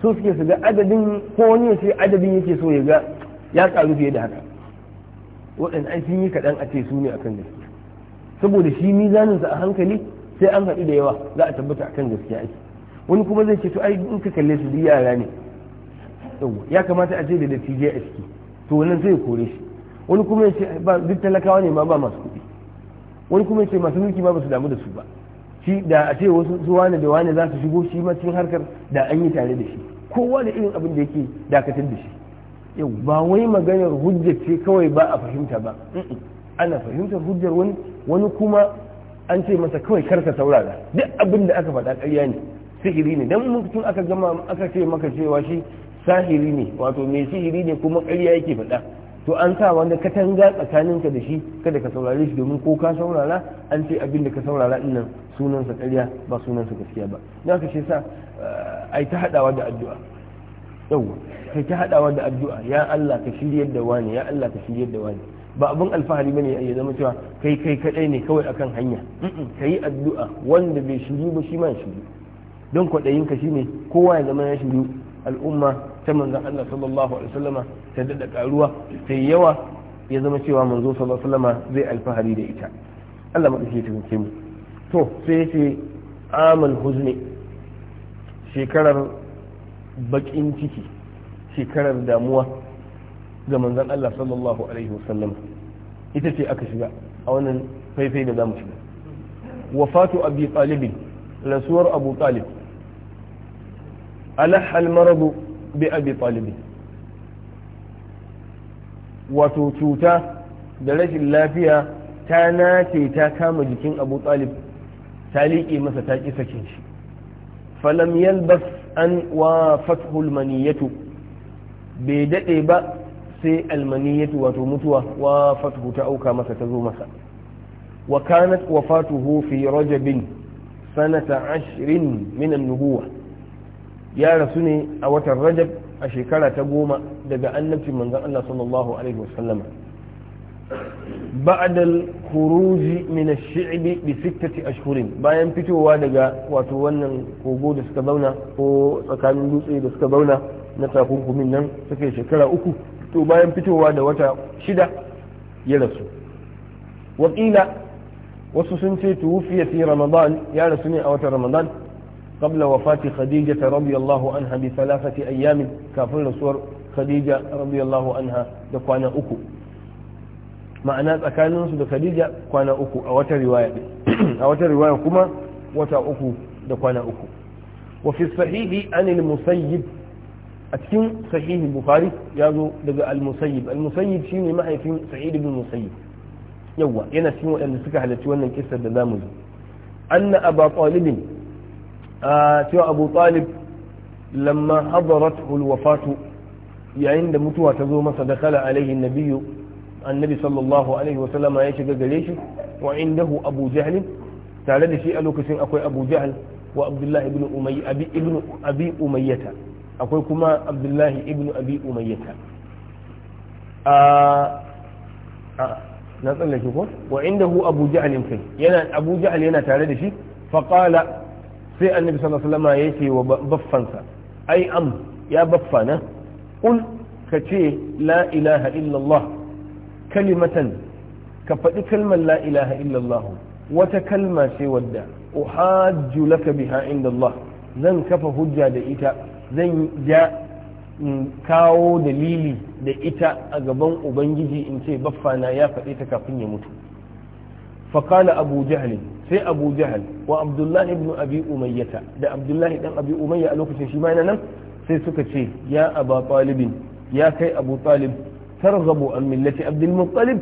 so suke su ga adadin ko wani sai adadin yake so ya ga ya karu fiye da haka waɗanda ai sun yi kaɗan a ce su ne akan gaske saboda shi mizaninsa a hankali sai an haɗu da yawa za a tabbata akan gaskiya ake wani kuma zai ce to ai in ka kalle su duk yara ne ya kamata a ce da dattijai a ciki to wannan zai kore shi wani kuma ya ce ba duk talakawa ne ma ba masu kuɗi wani kuma ya ce masu mulki ma ba su damu da su ba shi da a ce wasu zuwa da wani za su shigo shi ma harkar da an yi tare da shi kowa da irin abin da yake dakatar da shi yau ba wai maganar hujjar ce kawai ba a fahimta ba ana fahimtar hujjar wani kuma an ce masa kawai karka saurara duk abin da aka faɗa ƙarya ne sihiri ne dan tun aka gama aka ce maka cewa shi sahiri ne wato mai sihiri ne kuma ƙarya yake faɗa to an sa wanda katanga tsakaninka da shi kada ka saurare shi domin ko ka saurara an ce abin da ka saurara dinnan sunansa ƙarya ba sunansa gaskiya ba na ka ce sa ai ta haɗawa da addu'a yawwa kai ta haɗawa da addu'a ya Allah ka shiryar da wani ya Allah ka shiryar da wani ba abin alfahari bane ya zama cewa kai kai kadai ne kawai akan hanya kai addu'a wanda bai shiryu ba shi ma shiru shiryu don kwaɗayin ka shine kowa ya zama ya shiryu al'umma ta manzon Allah sallallahu alaihi wasallama ta dada karuwa ta yawa ya zama cewa manzo sallallahu alaihi wasallama zai alfahari da ita Allah ma ta gunke mu to sai yace amal huzni shekarar bakin ciki shekarar damuwa ga manzon Allah sallallahu alaihi wasallama ita ce aka shiga a wannan faifai da zamu shiga wafatu abi talib rasuwar abu talib alahal maradu bi talibi wato cuta da rashin lafiya ta nace ta kama jikin abu talib ta liƙe masa ta ƙi sakin shi falam yalbas an wa fathul maniyatu bai daɗe ba sai almaniyatu wato mutuwa wa fathu ta auka masa ta zo masa wa kanat wafatuhu fi rajabin sanata ashirin min nuhuwa. ya rasu ne a watan rajab a shekara ta goma daga annabci manzon Allah sallallahu alaihi wasallam ba'da al-khuruj min bi sittati ashhurin bayan fitowa daga wato wannan kogo da suka zauna ko tsakanin dutse da suka zauna na takunkumin nan suka shekara uku to bayan fitowa da wata shida ya rasu wakila wasu sun ce tuwufiya fi ramadan ya rasu ne a watan ramadan قبل وفاة خديجة رضي الله عنها بثلاثة أيام كافر رسول خديجة رضي الله عنها دقوانا أكو ma'ana tsakaninsu da khadija kwana uku a wata riwaya kuma wata uku da kwana uku wa fi sahihi an a cikin sahihi bukhari ya zo daga al-musayyib al-musayyib shine mahaifin sa'id ibn musayyib yana cikin waɗanda suka halarci wannan kissar da zamu ji anna aba cewa abu talib lamma hadarat wafatu yayin da mutuwa ta zo masa da kala alaihi nabiyu annabi sallallahu alaihi wa wasallama ya shiga gare shi wa indahu abu jahl tare da shi a lokacin akwai abu jahl wa abdullahi ibn umayy abi ibn abi umayyata akwai kuma abdullahi ibn abi umayyata na tsallake ko wa indahu abu jahl kai yana abu jahl yana tare da shi fa qala sai annabi sallallahu alaihi wasallam yake wa baffansa ai am ya baffana ul ka ce la ilaha illallah kalimatan ka faɗi kalmar la ilaha illallah wata kalma ce wadda uhajju laka biha inda Allah zan kafa hujja da ita zan ja kawo dalili da ita a gaban ubangiji in ce baffana ya faɗi ta kafin ya mutu فقال أبو جهل سي أبو جهل وعبد الله بن أبي أمية ده عبد الله بن أبي أمية ألوك شمعنا نم سي سكتشي يا أبا طالب يا كي أبو طالب ترغب عن ملة عبد المطلب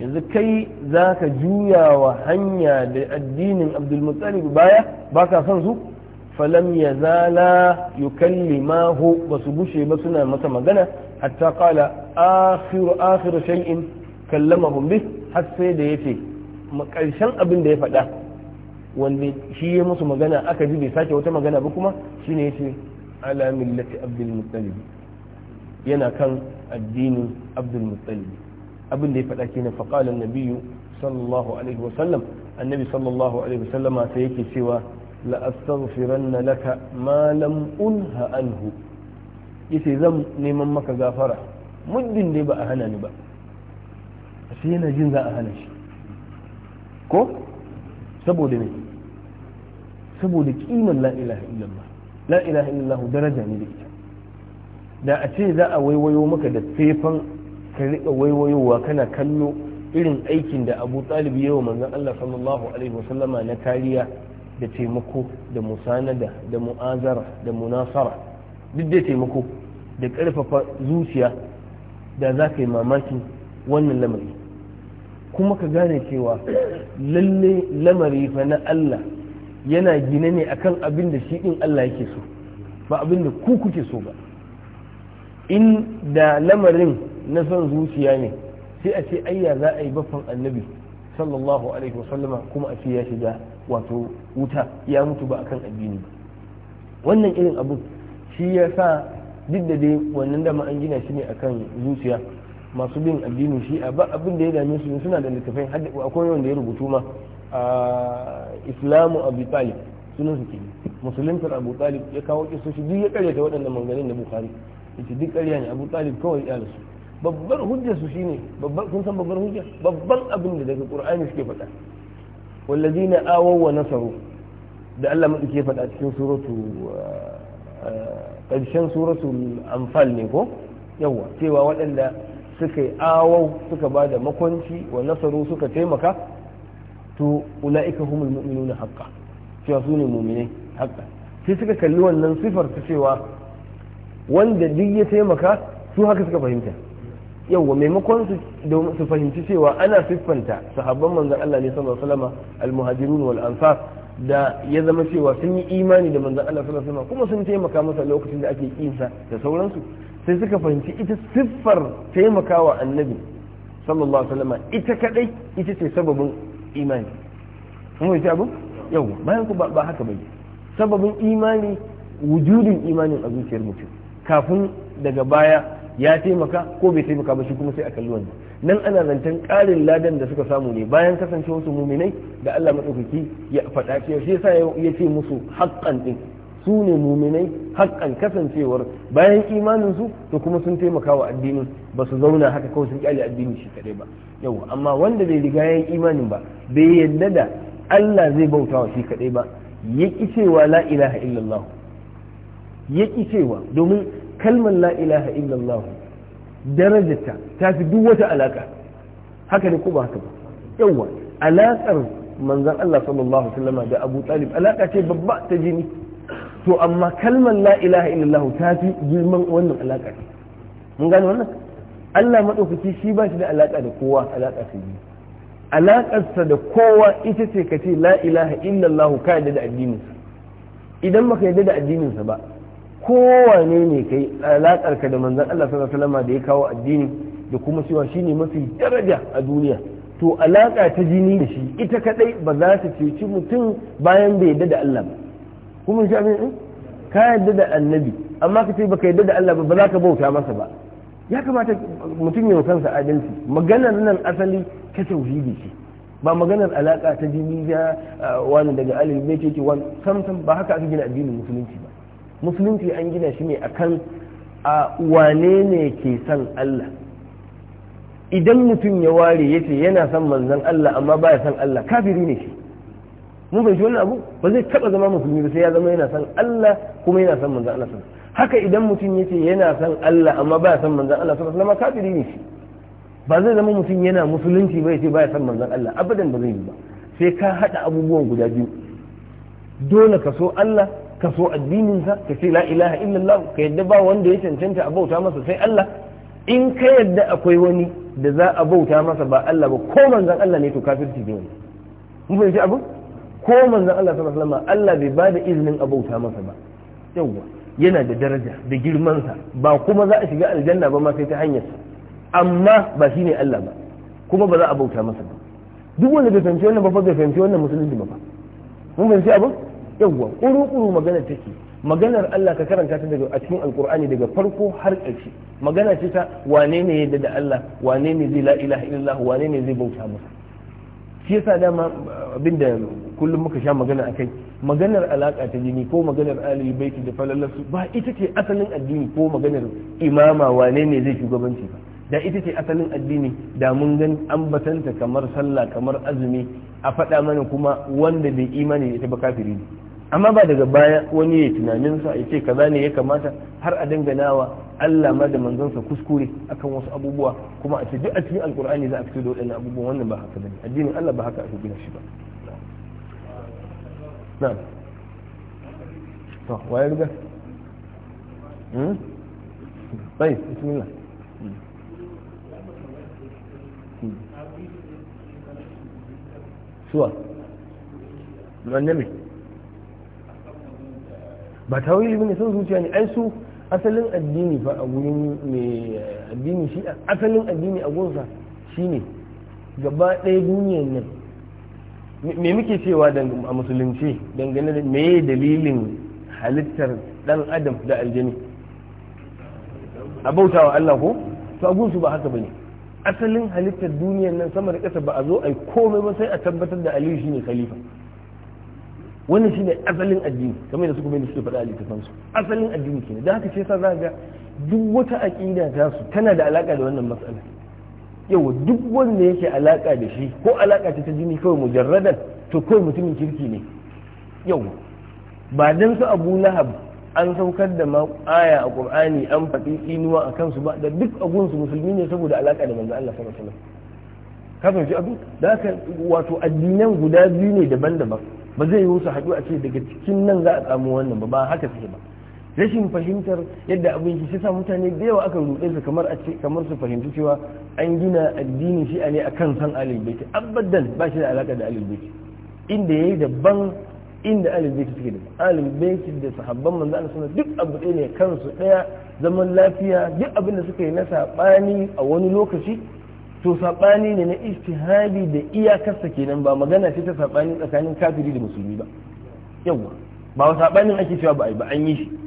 yanzu kai za ka juya wa hanya da addinin abdulmuttalib baya ba ka son su falam ya zala maho ba su gushe ba suna masa magana hatta kala akhiru akhiru shay'in kallamahum bih har sai da yace ƙarshen abin da ya faɗa wanda shi ya musu magana aka ji bai sake wata magana ba kuma shi ne yace ala millati abdul muttalib yana kan addinin abdul muttalib abin da ya faɗa ke na an-nabiyyu sallallahu alaihi wa sallam annabi sallallahu alaihi wa sallama sai yake cewa la astaghfiranna laka ma lam unha anhu yace zan neman maka gafara muddin dai ba a hana ni ba sai yana jin za a hana shi ko saboda ne saboda kiman la ilaha illallah la ilaha illallah daraja ne da ita da a ce za a waiwayo maka da faifan ka riƙa waiwayowa kana kallo irin aikin da abu talib yawa manzon Allah sallallahu alaihi wasallama na kariya da taimako da musanada da mu'azara da munasara duk da taimako da ƙarfafa zuciya da za ka yi mamakin wannan lamari kuma ka gane cewa lalle lamari fa na Allah yana gine ne akan abin da shi in Allah yake so ba abin da ku kuke so ba in da lamarin na son zuciya ne sai a ce ayya za a yi baffan annabi sallallahu alaihi wasallama kuma a ce ya shiga wato wuta ya mutu ba akan addini wannan irin abin shi ya sa duk da dai wannan dama an gina shi ne akan zuciya masu bin addinin a ba abin da ya dame su suna da littafai akwai wanda ya rubutu ma a islamu abu talib sunan su musulun musulunta abu talib ya kawo shi duk ya karyata waɗannan manganin da bukari yace duk karya ne abu talib kawai ya rasu babbar hujjar su shine babbar kun san babbar hujja babban abin da daga qur'ani suke faɗa wallazina awaw wa nasaru da Allah mu ke faɗa cikin suratu karshen suratul anfal ne ko yawa cewa waɗanda suka yi awau suka ba da makwanci wa nasaru suka taimaka to ula'ika humul mu'minuna haqqa cewa su ne mu'minai haqqa sai suka kalli wannan sifar ta cewa wanda duk ya taimaka su haka suka fahimta yawwa maimakon su fahimci cewa ana siffanta sahabban manzon Allah ne sallallahu alaihi wasallam al-muhajirun wal ansar da ya zama cewa sun yi imani da manzon Allah sallallahu alaihi wasallam kuma sun taimaka masa lokacin da ake kinsa da sauransu sai suka fahimci ita siffar taimakawa annabi sallallahu alaihi wasallam ita kadai ita ce sababin imani mun yi abu yau bayan ku ba haka bai sababin imani wujudin imanin a zuciyar mutum kafin daga baya ya taimaka ko bai taimaka ba shi kuma sai a kalli wanda nan ana zancen karin ladan da suka samu ne bayan kasance wasu muminai da Allah maɗaukaki ya faɗa shi yasa ya ce musu haƙƙan ɗin su ne muminai haƙƙan kasancewar bayan imanin su to kuma sun taimaka wa addinin ba su zauna haka kawai sun kyale addinin shi kadai ba yau amma wanda bai riga yayin imanin ba bai yadda da Allah zai bauta wa shi kadai ba ya ki cewa la ilaha illallah ya ki cewa domin kalmar la ilaha illallah darajarta ta fi duk wata alaka haka ne ko ba haka ba yawa alakar manzon Allah sallallahu alaihi wasallam da Abu Talib alaka ce babba ta jini to amma kalmar la ilaha illallah ta fi girman wannan alaka mun gane wannan Allah madaukaki shi ba shi da alaka da kowa alaka ce biyu alakarsa da kowa ita ce ka ce la ilaha illallah ka yadda da addininsa idan baka yadda da addininsa ba kowa ne kai alakar ka da manzon Allah sallallahu alaihi wasallam da ya kawo addini da kuma cewa shine mafi daraja a duniya to alaka ta jini da shi ita kadai ba za ta ceci mutum bayan bai yadda da Allah ba kuma shi abin eh, ka yadda da annabi amma ka ce baka yadda da Allah ba za ka bauta masa ba ya kamata mutum ya kansa adalci maganar nan asali ta tauhidi ce ba maganar alaka ta jini ya wani daga alil bai ce wani samsam ba haka aka gina addinin musulunci ba musulunci an gina shi ne akan a wane ne ke son Allah idan mutum ya ware yace yana son manzon Allah amma baya son Allah kafiri ne shi mu bai shi wani abu ba zai taba zama musulmi ba sai ya zama yana san Allah kuma yana san manzon Allah haka idan mutum yace yana san Allah amma baya san manzon Allah sallallahu alaihi wasallam kafiri ne shi ba zai zama mutum yana musulunci ba yace baya san manzon Allah abadan ba zai yi ba sai ka hada abubuwan guda biyu dole ka so Allah ka so addininsa ka ce la ilaha illallah ka yadda ba wanda ya cancanta a bauta masa sai Allah in ka yadda akwai wani da za a bauta masa ba Allah ba ko manzon Allah ne to kafirci ne mun fahimci abu ko manzon Allah sallallahu alaihi wasallam Allah bai bada izinin abauta masa ba yawa yana da daraja da girman sa ba kuma za a shiga aljanna ba ma sai ta hanyar sa amma ba shine Allah ba kuma ba za a bauta masa ba duk wanda bai fahimci wannan ba fa bai fahimci wannan musulunci ba mun fahimci abin yawa kuru-kuru magana take maganar Allah ka karanta ta daga a cikin alkur'ani daga farko har ƙarshe magana ce ta wane ne yadda da Allah wane ne zai la ilaha illallah wane ne zai bauta masa shi yasa dama abinda kullum muka sha magana akai maganar alaka ta jini ko maganar alil baiti da falalarsu ba ita ce asalin addini ko maganar imama wane ne zai shugabanci ba da ita ce asalin addini da mun gan ambatanta kamar sallah kamar azumi a faɗa mana kuma wanda bai imani ita ba kafiri ne amma ba daga baya wani ya tunanin sa ya ce kaza ne ya kamata har a danganawa Allah ma da manzonsa kuskure akan wasu abubuwa kuma a ce duk a cikin alkur'ani za a fito da waɗannan abubuwan wannan ba haka bane addinin Allah ba haka a gina shi ba نعم to waye riga طيب بسم الله شو zuciya ne ai su asalin addini fa a gurin mai addini shi asalin addini a gunsa shine gaba ɗaya duniyar nan me muke cewa a musulunci dangane da me dalilin halittar dan adam da aljini a bautawa Allah ko to su ba haka bane asalin halittar duniyar nan sama da ƙasa ba a zo a yi komai ba sai a tabbatar da aliyu shine khalifa wannan shine asalin addini kamar da su kuma suke faɗa a su asalin addini kenan da haka sai sa za ga duk wata aƙida ta su tana da alaka da wannan matsalar Yau, duk wanda yake alaka da shi ko alaka ta jini kawai mujarradan to kawai mutumin kirki ne Yau, ba dan su abu lahab an saukar da aya a qur'ani an faɗi inuwa a kansu ba da duk abun su musulmi ne saboda alaka da manzo Allah sallallahu alaihi wasallam ka shi abu da haka wato addinan guda biyu ne daban-daban ba zai yi su haɗu a ce daga cikin nan za a samu wannan ba ba haka suke ba rashin fahimtar yadda abin shi sa mutane da yawa aka ruɗe su kamar a kamar su fahimci cewa an gina addini shi a ne akan san alil baiti abadan ba shi da alaka da alil baiti inda yayi daban inda alil baiti suke da alil baiti da sahabban manzo Allah sunna duk abu ɗaya ne kansu ɗaya zaman lafiya duk abin da suka yi na sabani a wani lokaci to sabani ne na ijtihadi da iyakarsa kenan ba magana ce ta sabani tsakanin kafiri da musulmi ba yawa ba sabanin ake cewa ba ai ba an yi shi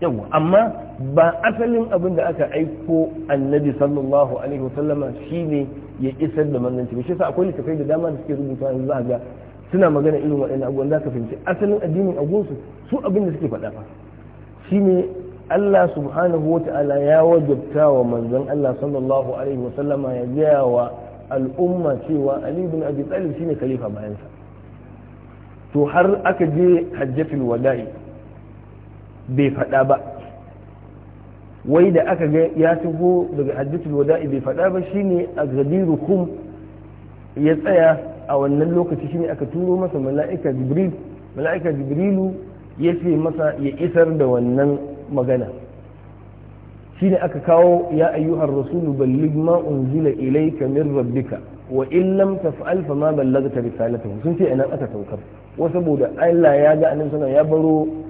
Yau amma ba asalin abin da aka aiko annabi sallallahu alaihi wasallama shine ya isar da manzanci ba shi yasa akwai littafai da dama da suke rubuta yanzu za ga suna magana irin waɗannan abubuwan za ka fahimci asalin addinin agunsu su abin da suke faɗa fa shine Allah subhanahu wa ta'ala ya wajabta wa manzon Allah sallallahu alaihi wasallama ya gaya wa al'umma cewa Ali bin Abi Talib shine khalifa bayansa to har aka je hajjatul wada'i bai faɗa ba wai da aka ga ya taho daga hajjatul wada'i bai faɗa ba shine a kum ya tsaya a wannan lokaci shine aka turo masa mala'ika jibril mala'ika jibrilu ya ce masa ya isar da wannan magana shine aka kawo ya ayyuhar rasulu ballig ma unzila ilayka min rabbika wa in lam taf'al fa ma ballagta risalatahu sun ce ina aka saukar wa saboda Allah ya ga annabi sallallahu ya baro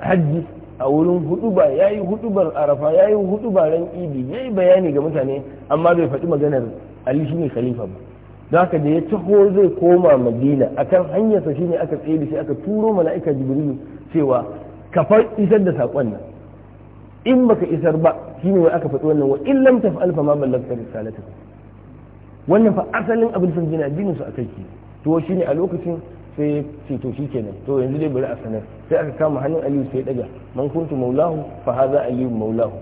hajji a wurin huduba ya yi hudubar arafa ya yi hudubar ran idi ya yi bayani ga mutane amma bai faɗi maganar ali ne khalifa ba don haka da ya taho zai koma madina akan hanyarsa shine aka tsaye da shi aka turo mala'ika jibrilu cewa ka far isar da saƙon nan in baka isar ba shine wai aka faɗi wannan wa in lam taf'al fa ma ballagta risalatuka wannan fa asalin abin sun jina addinin su akai to shine a lokacin sai ce shi kenan to yanzu dai bari a sanar sai aka kama hannun aliyu sai daga man kuntu maulahu fa haza aliyu maulahu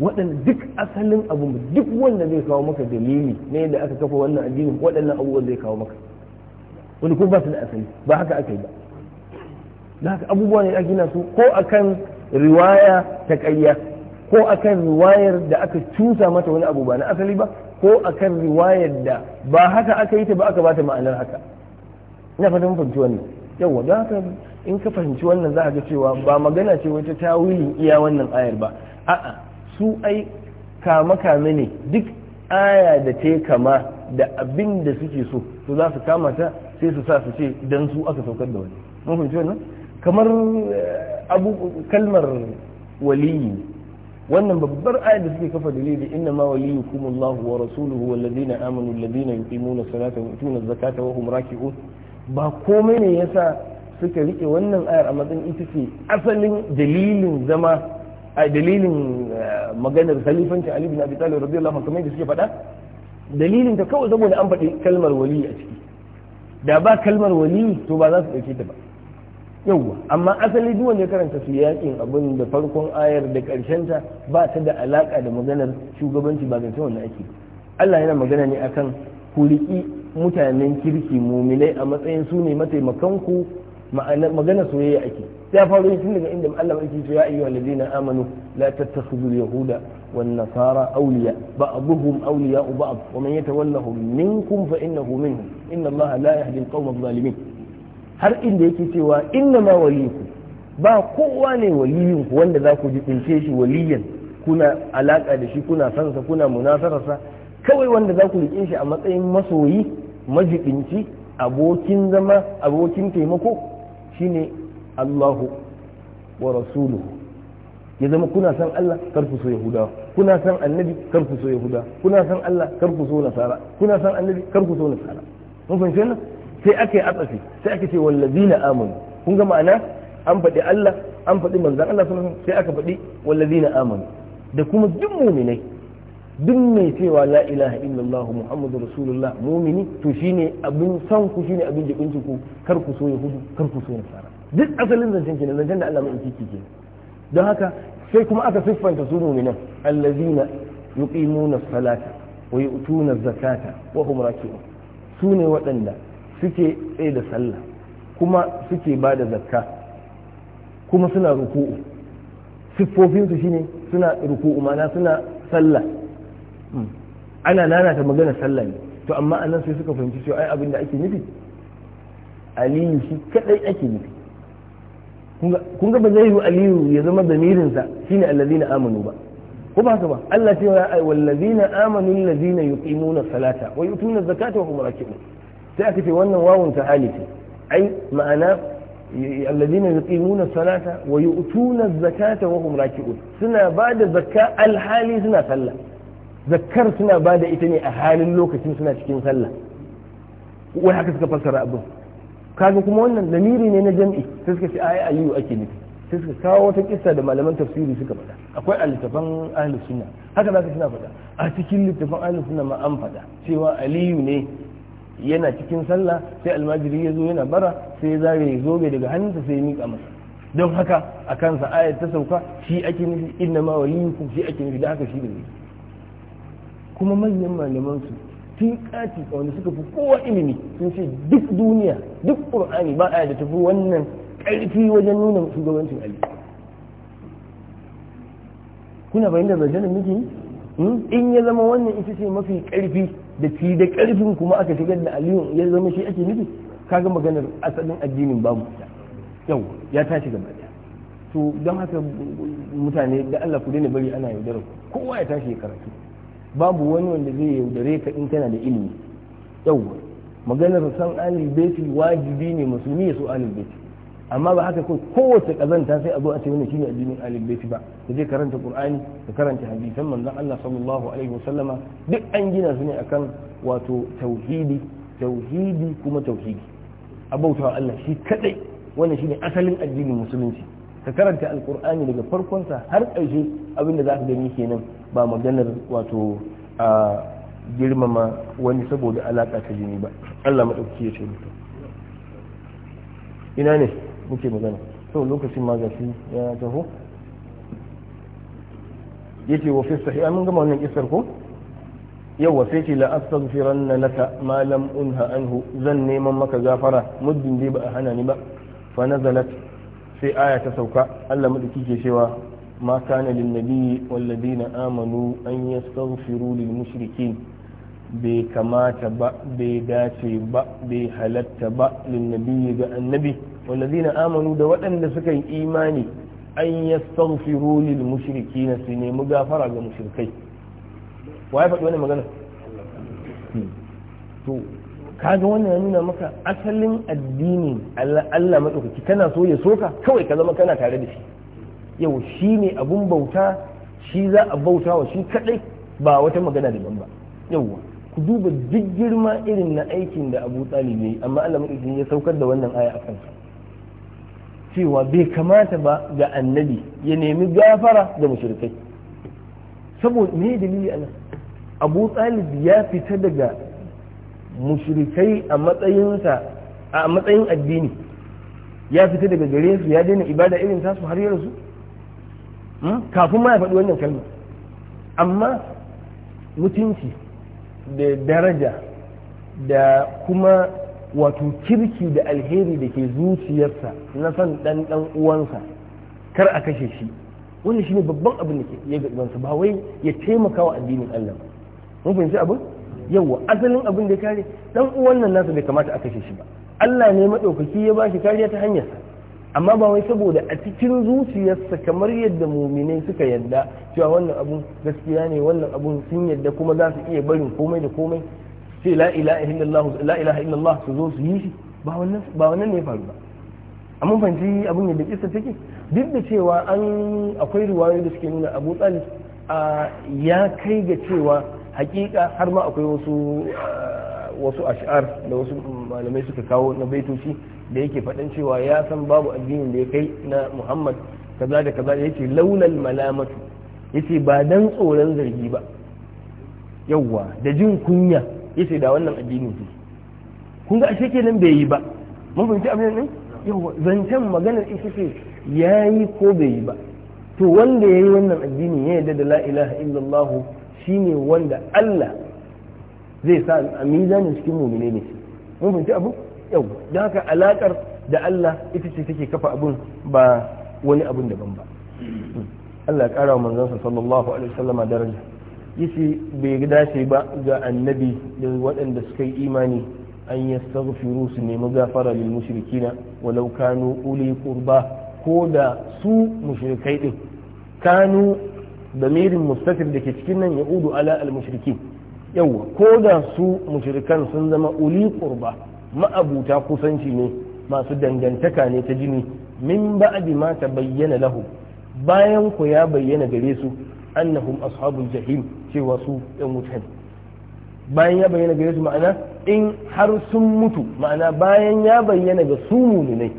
waɗanda duk asalin abu duk wanda zai kawo maka dalili ne da aka kafa wannan addini waɗannan abubuwan zai kawo maka wani kuma ba su da asali ba haka aka yi ba da haka abubuwa ne ake su ko akan riwaya ta ƙarya ko akan riwayar da aka cusa mata wani abu ba na asali ba ko akan riwayar da ba haka aka yi ta ba aka bata ma'anar haka ina fatan fahimci wannan yawa don haka in ka fahimci wannan za a ga cewa ba magana ce wata ta iya wannan ayar ba a'a su ai kama kame ne duk aya da ta kama da abin da suke so to za su kama ta sai su sa su ce don su aka saukar da wani mun fahimci wannan kamar eh, abu kalmar waliyi wannan babbar ayar da suke kafa dalili da inna ma waliyukum Allahu wa rasuluhu wal ladina amanu alladhina yuqimuna salata wa yutuna zakata wa hum raki'un ba komai ne yasa suka rike wannan ayar a matsayin ita ce asalin dalilin zama a dalilin eh, maganar khalifancin Ali bin Abi Talib radiyallahu anhu kamar da suke faɗa dalilin ta kawai saboda an faɗi kalmar wali a ciki da ba kalmar wali to ba za su ɗauke ta ba yawwa amma asali duk wanda ya karanta su yakin abin da farkon ayar da ƙarshen ta ba ta da alaka da maganar shugabanci ba zance wannan ake Allah yana magana ne akan ku mutanen kirki muminai a matsayin su ne mataimakanku magana soyayya ake ta faru tun daga inda Allah yake cewa ayyuhal ladina amanu la tattakhidul yahuda wan nasara awliya ba'dhum awliya ba'd wa man yatawallahum minkum fa innahu minhum inna Allah la yahdi al adh-dhalimin har inda yake cewa inna ma waliyukum ba kowa ne waliyinku wanda za ku jibince shi waliyan kuna alaka da shi kuna sansa kuna munasararsa kawai wanda za ku rike shi a matsayin masoyi majibinci abokin zama abokin taimako shine Allahu wa rasuluhu ya zama kuna san Allah kar ku so Yahudawa kuna san annabi kar ku so Yahuda kuna san Allah kar ku so Nasara kuna san annabi kar ku so Nasara mun fahimci wannan sai aka yi atsafi sai aka ce wallazina amanu kun ga ma'ana an faɗi Allah an faɗi manzon Allah sai aka faɗi wallazina amanu da kuma duk mu'minai duk mai cewa la ilaha illallah muhammadu rasulullah mumini to shine abin san ku shine abin jibincin ku kar ku so yahudu kar ku so nasara duk asalin zancen kenan zancen da Allah mai kike ke don haka sai kuma aka siffanta su muminan allazina yuqimuna salata wa yu'tuna zakata wa hum raki'un su ne waɗanda suke tsaye da sallah kuma suke ba da zakka kuma suna ruku'u siffofinsu shine suna ruku'u ma'ana suna sallah ana lalata magana sallah ne to amma anan sai suka fahimci cewa ai abin da ake nufi aliyu shi kadai ake nufi kun ga ba zai yi aliyu ya zama damirinsa shine allazina amanu ba ko ba haka ba Allah ce wa ai wallazina amanu allazina yuqimuna salata wa yutuna zakata wa hum raki'un sai aka ce wannan wawun ta alifi ai ma'ana allazina yuqimuna salata wa yu'tuna zakata wa hum raki'un suna bada zakka alhali suna sallah zakkar suna ba da ita ne a halin lokacin suna cikin sallah wai haka suka fassara abin kaga kuma wannan lamiri ne na jam'i sai suka ce ai ayyu ake nufi sai suka kawo wata kissa da malaman tafsiri suka faɗa akwai a littafan ahlus sunna haka zaka suna faɗa a cikin littafan ahlus sunna ma an faɗa cewa aliyu ne yana cikin sallah sai almajiri ya zo yana bara sai ya zare zobe daga hannunsa sai ya miƙa masa don haka a kansa ayat ta sauka shi ake nufi inna ma waliyukum shi ake nufi da haka shi da ne kuma manyan malaman su tun kati wanda suka fi kowa ilimi sun ce duk duniya duk qur'ani ba a da tafi wannan ƙarfi wajen nuna shugabancin ali kuna bayan da zancen miki in ya zama wannan ita ce mafi karfi da ci da ƙarfin kuma aka shigar da aliyu ya zama shi ake nufi kaga maganar asalin addinin babu yau ya tashi gaba ɗaya to don haka mutane da allah ku daina bari ana yaudarar kowa ya tashi ya karatu babu wani wanda zai yaudare ka in kana da ilimi yau maganar san alil baiti wajibi ne musulmi ya so alil baiti amma ba haka kai kowace kazanta sai a zo a ce wannan shine addinin alil baiti ba ka je karanta qur'ani ka karanta hadisan manzon Allah sallallahu alaihi wasallama duk an gina su ne akan wato tauhidi tauhidi kuma tauhidi abautawa Allah shi kadai wannan shine asalin addinin musulunci ka karanta alqur'ani daga farkonsa har ƙarshe abinda za ka gani kenan ba maganar wato a girmama wani saboda alaƙa ta jini ba Allah maɗauki ya ce mutum ina ne muke magana sau lokacin ma gashi ya taho ce wa fi sahiha mun gama wannan kisar ko yawa sai ce la na laka malam lam unha anhu zan neman maka gafara muddin dai ba a hana ni ba fa nazalat sai aya ta sauka Allah maɗauki ke cewa ما كان للنبي والذين آمنوا أن يستغفروا للمشركين بكمات با بدات با بحلت با للنبي النبي والذين آمنوا دوات أن سكي إيماني أن يستغفروا للمشركين سنة مغافرة للمشركين waye faɗi wani magana to kaga wannan ya nuna maka asalin addinin Allah maɗaukaki kana so ya soka kawai ka zama kana tare da shi yau shi ne abun bauta shi za a bauta wa shi kadai ba wata magana daban ba yauwa ku duba duk girma irin na aikin da abu talib yi amma allah maɗauki ya saukar da wannan aya a kansa cewa bai kamata ba ga annabi ya nemi gafara da mushrikai saboda me dalili anan abu talib ya fita daga mushrikai a matsayinsa a matsayin addini ya fita daga gare su ya daina ibada irin tasu har yarsu kafin ma ya faɗi wannan kalma amma mutunci da daraja da kuma wato kirki da alheri da ke zuciyarsa na son ɗan ɗan uwansa kar a kashe shi wannan ne babban abin da ke ya ga uwansa ba wai ya taimaka wa addinin Allah mun fahimci abin yawa asalin abin da kare ɗan uwan nan nasa bai kamata a kashe shi ba Allah ne madaukaki ya ba shi kariya ta hanyarsa amma ba wai saboda a cikin zuciyarsa kamar yadda muminai suka yadda cewa wannan abun gaskiya ne wannan abun sun yadda kuma za su iya barin komai da komai sai la ilaha illallah la ilaha illallah su zo su yi shi ba wannan ba wannan ne faru ba amma fanci abun yadda kissa take duk da cewa an akwai ruwayoyi da suke nuna Abu Talib ya kai ga cewa hakika har ma akwai wasu wasu ash'ar da wasu malamai suka kawo na baitoci da yake faɗin cewa ya san babu addinin da ya kai na muhammad kaza da kaza yake laulal malamatu yace ba dan tsoron zargi ba yawwa da jin kunya yace da wannan addinin ku kun ga ashe kenan bai yi ba mun fahimci abin nan yawwa zancen maganar ita ce yayi ko bai yi ba to wanda yayi wannan addini ya yarda da la ilaha illallah shine wanda Allah zai sa a mizanin cikin mu'mine ne mun fahimci abu yau da haka alakar da Allah ita ce take kafa abun ba wani abun daban ba Allah kara wa manzansa sallallahu alaihi wasallama daraja yace bai dace ba ga annabi da waɗanda suka yi imani an yastaghfiru su nemi gafara lil mushrikina walau kanu uli qurba ko da su mushrikai din kanu damirin mustatir da ke cikin nan ya'udu ala al mushrikin yawa ko da su mushrikan sun zama uli qurba ma'abuta kusanci ne masu dangantaka ne ta jini min ba'di ma ta bayyana lahu bayan ku ya bayyana gare su annahum ashabul jahim cewa su ɗan wutan bayan ya bayyana gare su ma'ana in har sun mutu ma'ana bayan ya bayyana ga su muminai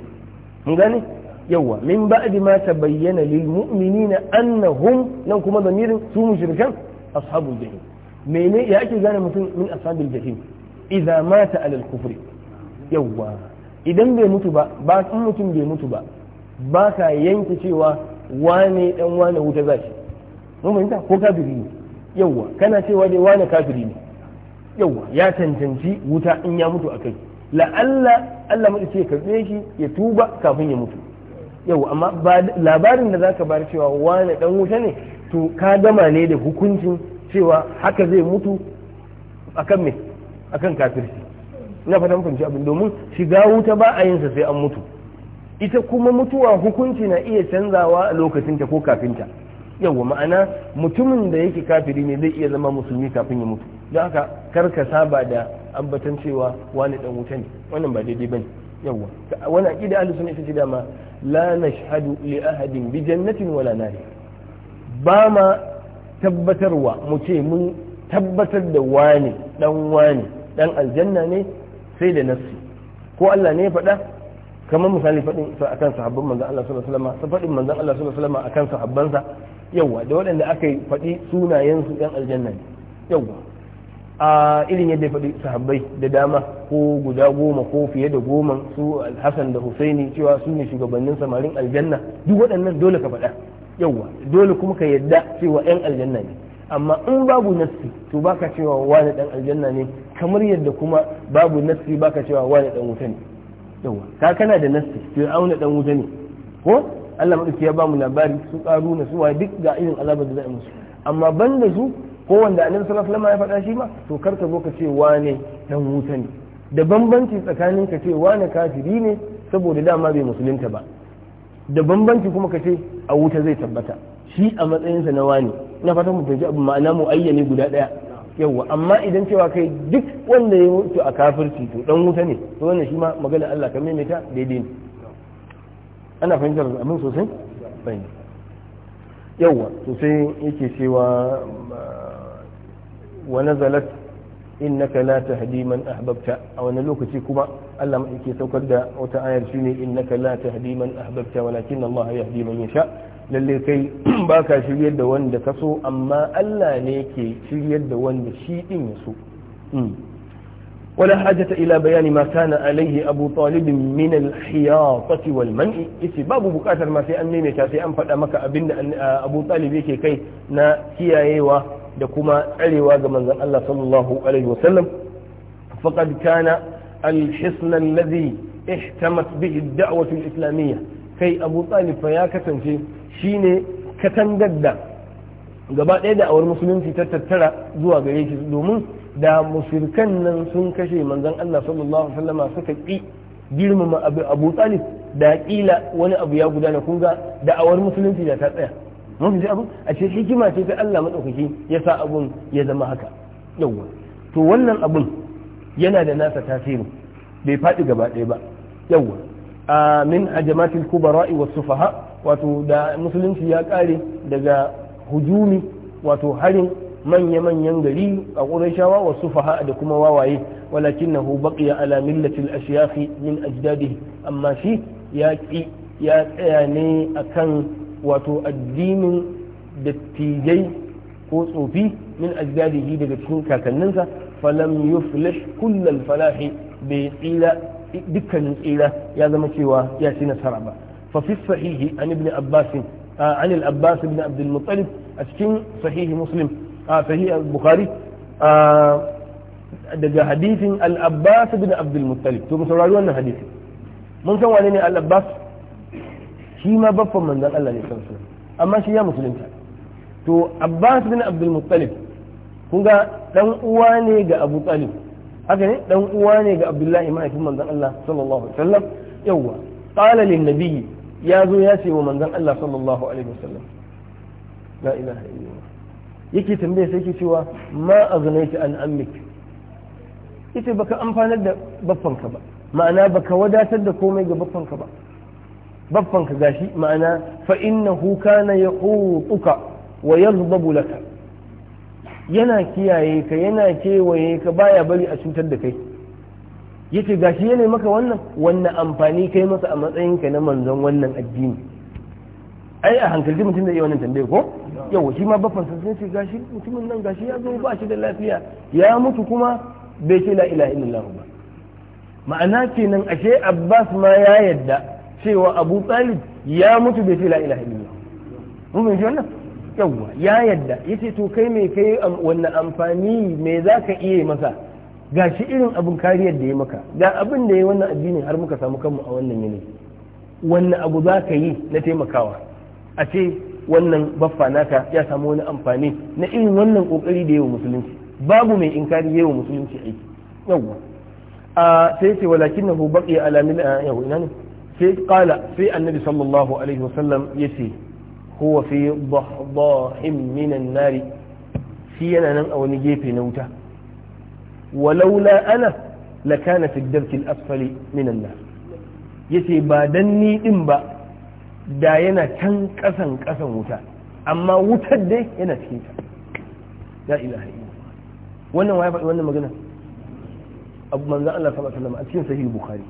mun gane yawa min ba'di ma bayyana lil mu'minina annahum nan kuma zamirin su mushrikan ashabul jahim mene ya ake gane mutum min ashabul jahim idza mata alal kufri yawwa idan bai mutu ba ba sun mutum bai mutu ba ba ka yanke cewa wane dan wane wuta za shi mun ko kafiri ne yawwa kana cewa dai wane kafiri ne yawwa ya cancanci wuta in ya mutu akai la'alla Allah mu ce karbe shi ya tuba kafin ya mutu yawwa amma labarin da zaka bar cewa wane dan wuta ne to ka gama ne da hukuncin cewa haka zai mutu akan me akan kafirci na fatan fahimci abin domin shiga wuta ba a yin sa sai an mutu ita kuma mutuwa hukunci na iya canzawa a lokacinta ko kafinta ta ma'ana mutumin da yake kafiri ne zai iya zama musulmi kafin ya mutu don haka kar saba da ambatan cewa wani dan wuta ne wannan ba daidai bane yawwa wani aqida ahlus sunna ita ce dama la nashhadu li ahadin bi jannatin wala nari ba ma tabbatarwa mu ce mun tabbatar da wani dan wani dan aljanna ne sai da nassi ko Allah ne ya faɗa kamar misali faɗin sa akan sahabban manzon Allah sallallahu alaihi wasallam faɗin manzon Allah sallallahu alaihi wasallam akan sahabbansa yawa da waɗanda aka yi faɗi sunayen su ɗan aljanna ne yawa a irin yadda ya faɗi sahabbai da dama ko guda goma ko fiye da goma su alhassan da husaini cewa su ne shugabannin samarin aljanna duk waɗannan dole ka faɗa yawa dole kuma ka yadda cewa 'yan aljanna ne amma in babu nassi to baka cewa wani dan aljanna ne kamar yadda kuma babu nassi baka cewa wani dan wuta ne yawa ka kana da nassi to auna dan wuta ne ko Allah madauki ya bamu labari su karu na suwa duk ga irin azabar da za a musu amma ban da su ko wanda annabi sallallahu alaihi wasallam ya faɗa shi ma to kar ka zo ka ce wane dan wuta ne da bambanci tsakanin ka ce wane kafiri ne saboda dama bai musulunta ba da bambanci kuma ka ce a wuta zai tabbata shi a matsayinsa na wane na fata mu fahimci abu ma'ana mu ayyane guda daya yawa amma idan cewa kai duk wanda ya mutu a kafirci to dan wuta ne to wannan shi ma magana Allah ka maimaita daidai ne ana fahimtar abin sosai bai yawa sosai yake cewa wa nazalat innaka la tahdi man ahbabta a wani lokaci kuma Allah yake saukar da wata ayar shine innaka la tahdi man ahbabta walakin Allah yahdi man yasha lallai kai ba ka shiryar da wanda ka so amma Allah ne ke shiryar da wanda shi din ya so mm. wala hajata ila bayani ma kana alaihi abu talib min al hiyatati wal man'i isi babu bukatar ma sai an nime ta sai an faɗa maka abinda abu talib yake kai na kiyayewa da kuma tsarewa ga manzan Allah sallallahu alaihi wasallam faqad kana al hisn alladhi ihtamat bihi ad da'wa al islamiyya kai abu talib fa ya kasance shine katangar da gaba ɗaya da awar musulunci ta tattara zuwa gare shi domin da musulkan nan sun kashe manzon Allah sallallahu alaihi suka ƙi girmama abu abu talib da kila wani abu ya gudana kun ga awar musulunci da ta tsaya mun abu a ce hikima ce ta Allah madaukaki ya sa abun ya zama haka yawa to wannan abun yana da nasa tasiri bai faɗi gaba ɗaya ba yawa a min hajamatil kubara'i was sufaha wato da musulunci ya kare daga hujumi wato harin manya-manyan gari a ƙurashawa wa sufaha da kuma wawaye walakin na baqiya ala millatil ashiyafi min ajdadihi amma shi ya ƙi ya tsaya ne kan wato addinin dattijai ko tsofi min ajdadihi daga cikin kakanninsa falam yuflish kullal falahi bai tsira dukkanin tsira ya zama cewa ya ci nasara ba ففي الصحيح عن ابن عباس عن العباس بن عبد المطلب أسكن صحيح مسلم صحيح البخاري daga hadisin al-abbas bin abdul muttalib to mu saurari wannan mun san wane ne al shi ma baffan manzon Allah ne kansa amma shi ya musulunta to abbas bin abdul dan uwa ne ga abu talib haka ne dan uwa ne ga abdullahi mahaifin manzon Allah sallallahu alaihi wasallam yawa qala lin nabiyyi ya zo ya ce wa manzon Allah sallallahu alaihi wasallam la ilaha illallah yake tambaya sai ke cewa ma aghnaita an ammik ita baka amfanar da baffanka ba ma'ana baka wadatar da komai ga baffanka ba baffanka gashi ma'ana fa innahu kana yaqutuka wa yadhabu laka yana kiyaye ka yana kewaye ka baya bari a cutar da kai yace gashi yana maka wannan wannan amfani kai masa a matsayinka na manzon wannan addini ai a hankali mutum da iya wannan tambaye ko yawa shi ma bafansa sai ce gashi mutumin nan gashi ya zo ba shi da lafiya ya mutu kuma bai ce la ilaha illallah ba ma'ana kenan ashe Abbas ma ya yadda cewa Abu Talib ya mutu bai ce la ilaha illallah mun ji wannan yawa ya yadda yace to kai me kai wannan amfani me zaka iya masa ga shi irin abin kariyar da ya maka ga abin da ya yi wannan addinin har muka samu kanmu a wannan yanayi wannan abu za ka yi na taimakawa a ce wannan baffa naka ya samu wani amfani na irin wannan kokari da yawa musulunci babu mai inkari yawa musulunci aiki Yau. a sai ce hubar iya ala a yahu ina ne sai kala sai annabi sallallahu alaihi wasallam yace huwa fi dahdahin minan nari shi yana nan a wani gefe na wuta walaula ana lakana fi darkil asfali minan nar yace ba dan din ba da yana can kasan kasan wuta amma wutar dai yana cikin ta la ilaha illallah wannan magana abu manzo Allah sallallahu alaihi wasallam a cikin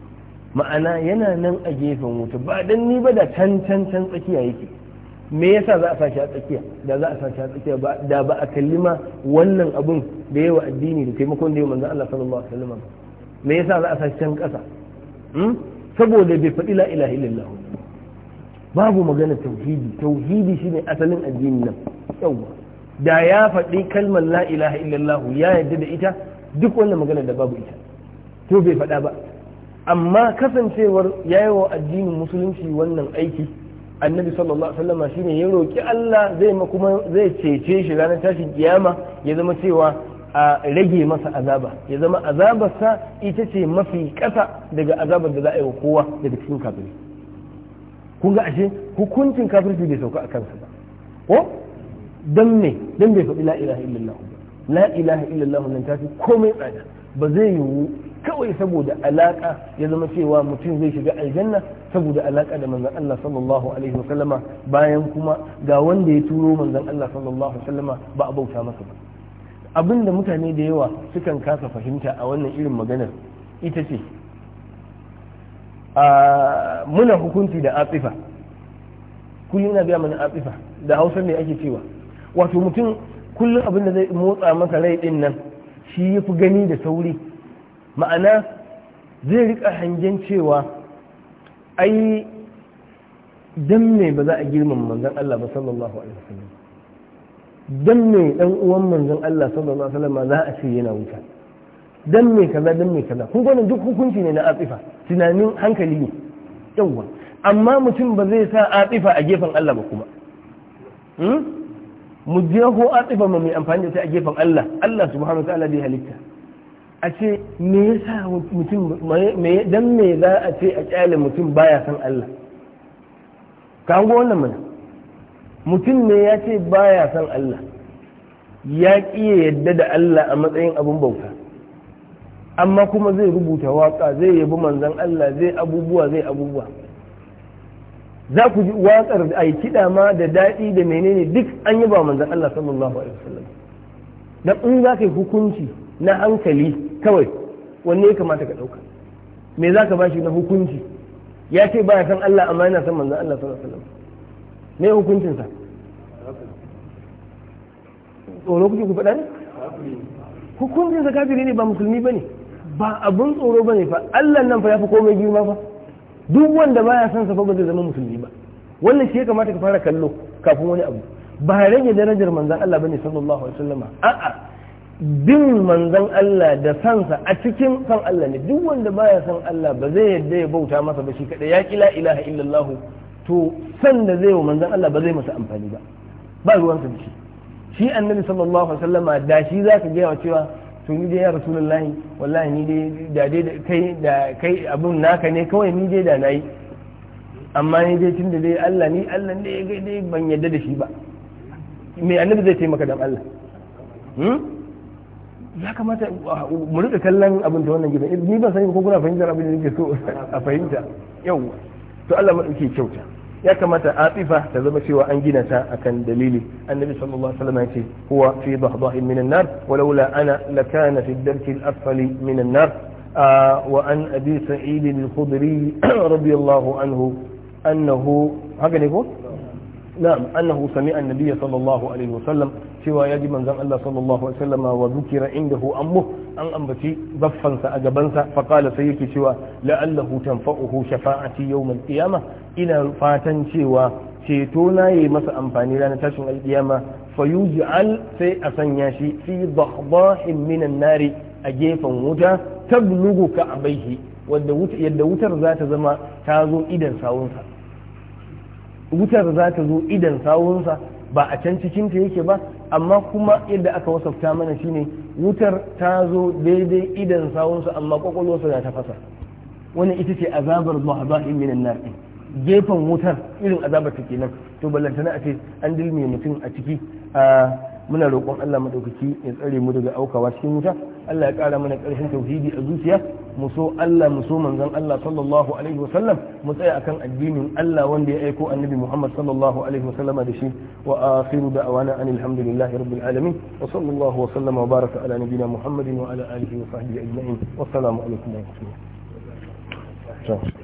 ma'ana yana nan a gefen wuta ba dan ni ba da can can can tsakiya yake me yasa za a a tsakiya da za a sashi a tsakiya ba da ba a kalli ma wannan abun da yawa addini da taimakon da yawa manzon Allah sallallahu alaihi wasallam me yasa za a sa can kasa hmm? saboda bai faɗi la ilaha illallah babu magana tauhidi tauhidi shine asalin addinin nan yawa da ya faɗi kalmar la ilaha illallah ya yarda da ita duk wannan magana da babu ita to bai faɗa ba amma kasancewar yayawa addinin musulunci wannan aiki annabi sallallahu alaihi wasallam shine ya roki Allah zai kuma zai cece shi ranar tashin kiyama ya zama cewa a rage masa azaba ya zama azabarsa ita ce mafi ƙasa daga azabar da za a yi wa kowa daga cikin kafiri kun ga ashe hukuncin kafirci bai sauka a kansa ba ko dan ne dan bai faɗi la ilaha illallah la ilaha illallah nan ta fi komai tsada ba zai yiwu kawai saboda alaka ya zama cewa mutum zai shiga aljanna saboda alaka da manzon Allah sallallahu alaihi wa Sallama, bayan kuma ga wanda ya turo manzon Allah sallallahu alaihi wa Sallama ba a bauta masa ba abin da mutane da yawa sukan kasa fahimta a wannan irin maganar ita ce muna hukunci da atsifa kullum na biya mana atsifa da hausa ne ake cewa wato mutum kullum abin da zai motsa masa rai din nan shi ya fi gani da sauri ma'ana zai rika hangen cewa ai dan me ba za a girmama manzon Allah ba sallallahu alaihi wasallam dan me dan uwan manzon Allah sallallahu alaihi wasallam za a ce yana wuta dan me kaza dan me kaza kun gwanin duk hukunci ne na atifa tunanin hankali ne yawa amma mutum ba zai sa atifa a gefen Allah ba kuma hmm? mu je ko atifa ma mai amfani da ta a gefen Allah Allah subhanahu wa ta'ala bai halitta a ce me yasa mutum me dan me za a ce a kyale mutum baya san Allah ka ga wannan mana mutum ne ya ce baya son Allah ya ƙiye yadda da Allah a matsayin abin bauta amma kuma zai rubuta waka zai yabi manzan Allah zai abubuwa zai abubuwa za ku ji watsar da yi kiɗa ma da daɗi da menene duk an yi ba manzan Allah sallallahu alaihi wasallam dan in za ka yi hukunci na hankali kawai wanne ya kamata ka ɗauka me za ka ba shi na hukunci ya ce ba ya san Allah amma yana san manzan Allah sallallahu alaihi wasallam me hukuncinsa tsoro kuke ku faɗa ne hukuncin sa kafiri ne ba musulmi ne? ba abun tsoro ne fa Allah nan fa ya fi komai girma fa duk wanda baya son sa fa ba zai zama musulmi ba wannan shi ya kamata ka fara kallo kafin wani abu ba rage darajar manzan Allah bane sallallahu alaihi wasallama a'a bin manzon Allah da sansa a cikin san Allah ne duk wanda baya san Allah ba zai yadda ya bauta masa ba shi kaɗai ya kila ilaha illallahu to san da zai wa manzan Allah ba zai masa amfani ba ba ruwan sa shi shi annabi sallallahu alaihi wasallama da shi zaka gaya cewa to ni dai ya rasulullahi wallahi ni dai da dai kai da kai abun naka ne kawai ni dai da nayi amma ni dai tunda dai Allah ni Allah ne ga dai ban yadda da shi ba me annabi zai taimaka dan Allah hmm ya kamata mu rika kallon abin da wannan gidan ni ban sani ko kuna fahimtar abin da nake so a fahimta yau to Allah madauke kyauta ya kamata atifa ta zama cewa an gina ta akan dalili annabi sallallahu alaihi wasallam yace huwa fi dahdahin min an-nar walaula ana lakana fi ad-darki al-asfali min an-nar ah, wa an abi sa'id al-khudri radiyallahu anhu annahu haka ne ko na'am annahu sami'a an-nabiy sallallahu alaihi wasallam cewa ya ji manzon Allah sallallahu alaihi wasallam wa zukira indahu ammu an ambaci baffansa a gabansa fa qala sai yake cewa la'allahu tanfa'uhu shafa'ati yawm al-qiyamah ina fatan cewa ceto na yi masa amfani ranar tashin alkiyama fa yuj'al sai a sanya shi fi dhahdahin minan nari a gefen wuta tablugu ka abaihi wadda yadda wutar za ta zama ta zo idan sawunsa wutar za ta zo idan sawunsa ba a can cikinta yake ba amma kuma yadda aka wasafta mana shine wutar ta zo daidai idan sawunsa amma kwakwalwarsa na ta fasa wani ita ce azabar mahabahin minan nar gefen wutar irin azabar ta kenan to ballantana a ce an dilme mutum a ciki a muna roƙon Allah madaukaki ya tsare mu daga aukawa cikin wuta Allah ya ƙara mana ƙarshen tauhidi a zuciya mu so Allah mu so manzon Allah sallallahu alaihi wasallam mu tsaya akan addinin Allah wanda ya aiko annabi Muhammad sallallahu alaihi wasallama da shi wa akhiru da'wana anil hamdulillahi rabbil alamin wa sallallahu wa sallama wa baraka ala nabiyyina Muhammadin wa ala alihi wa sahbihi ajma'in wassalamu alaikum wa rahmatullahi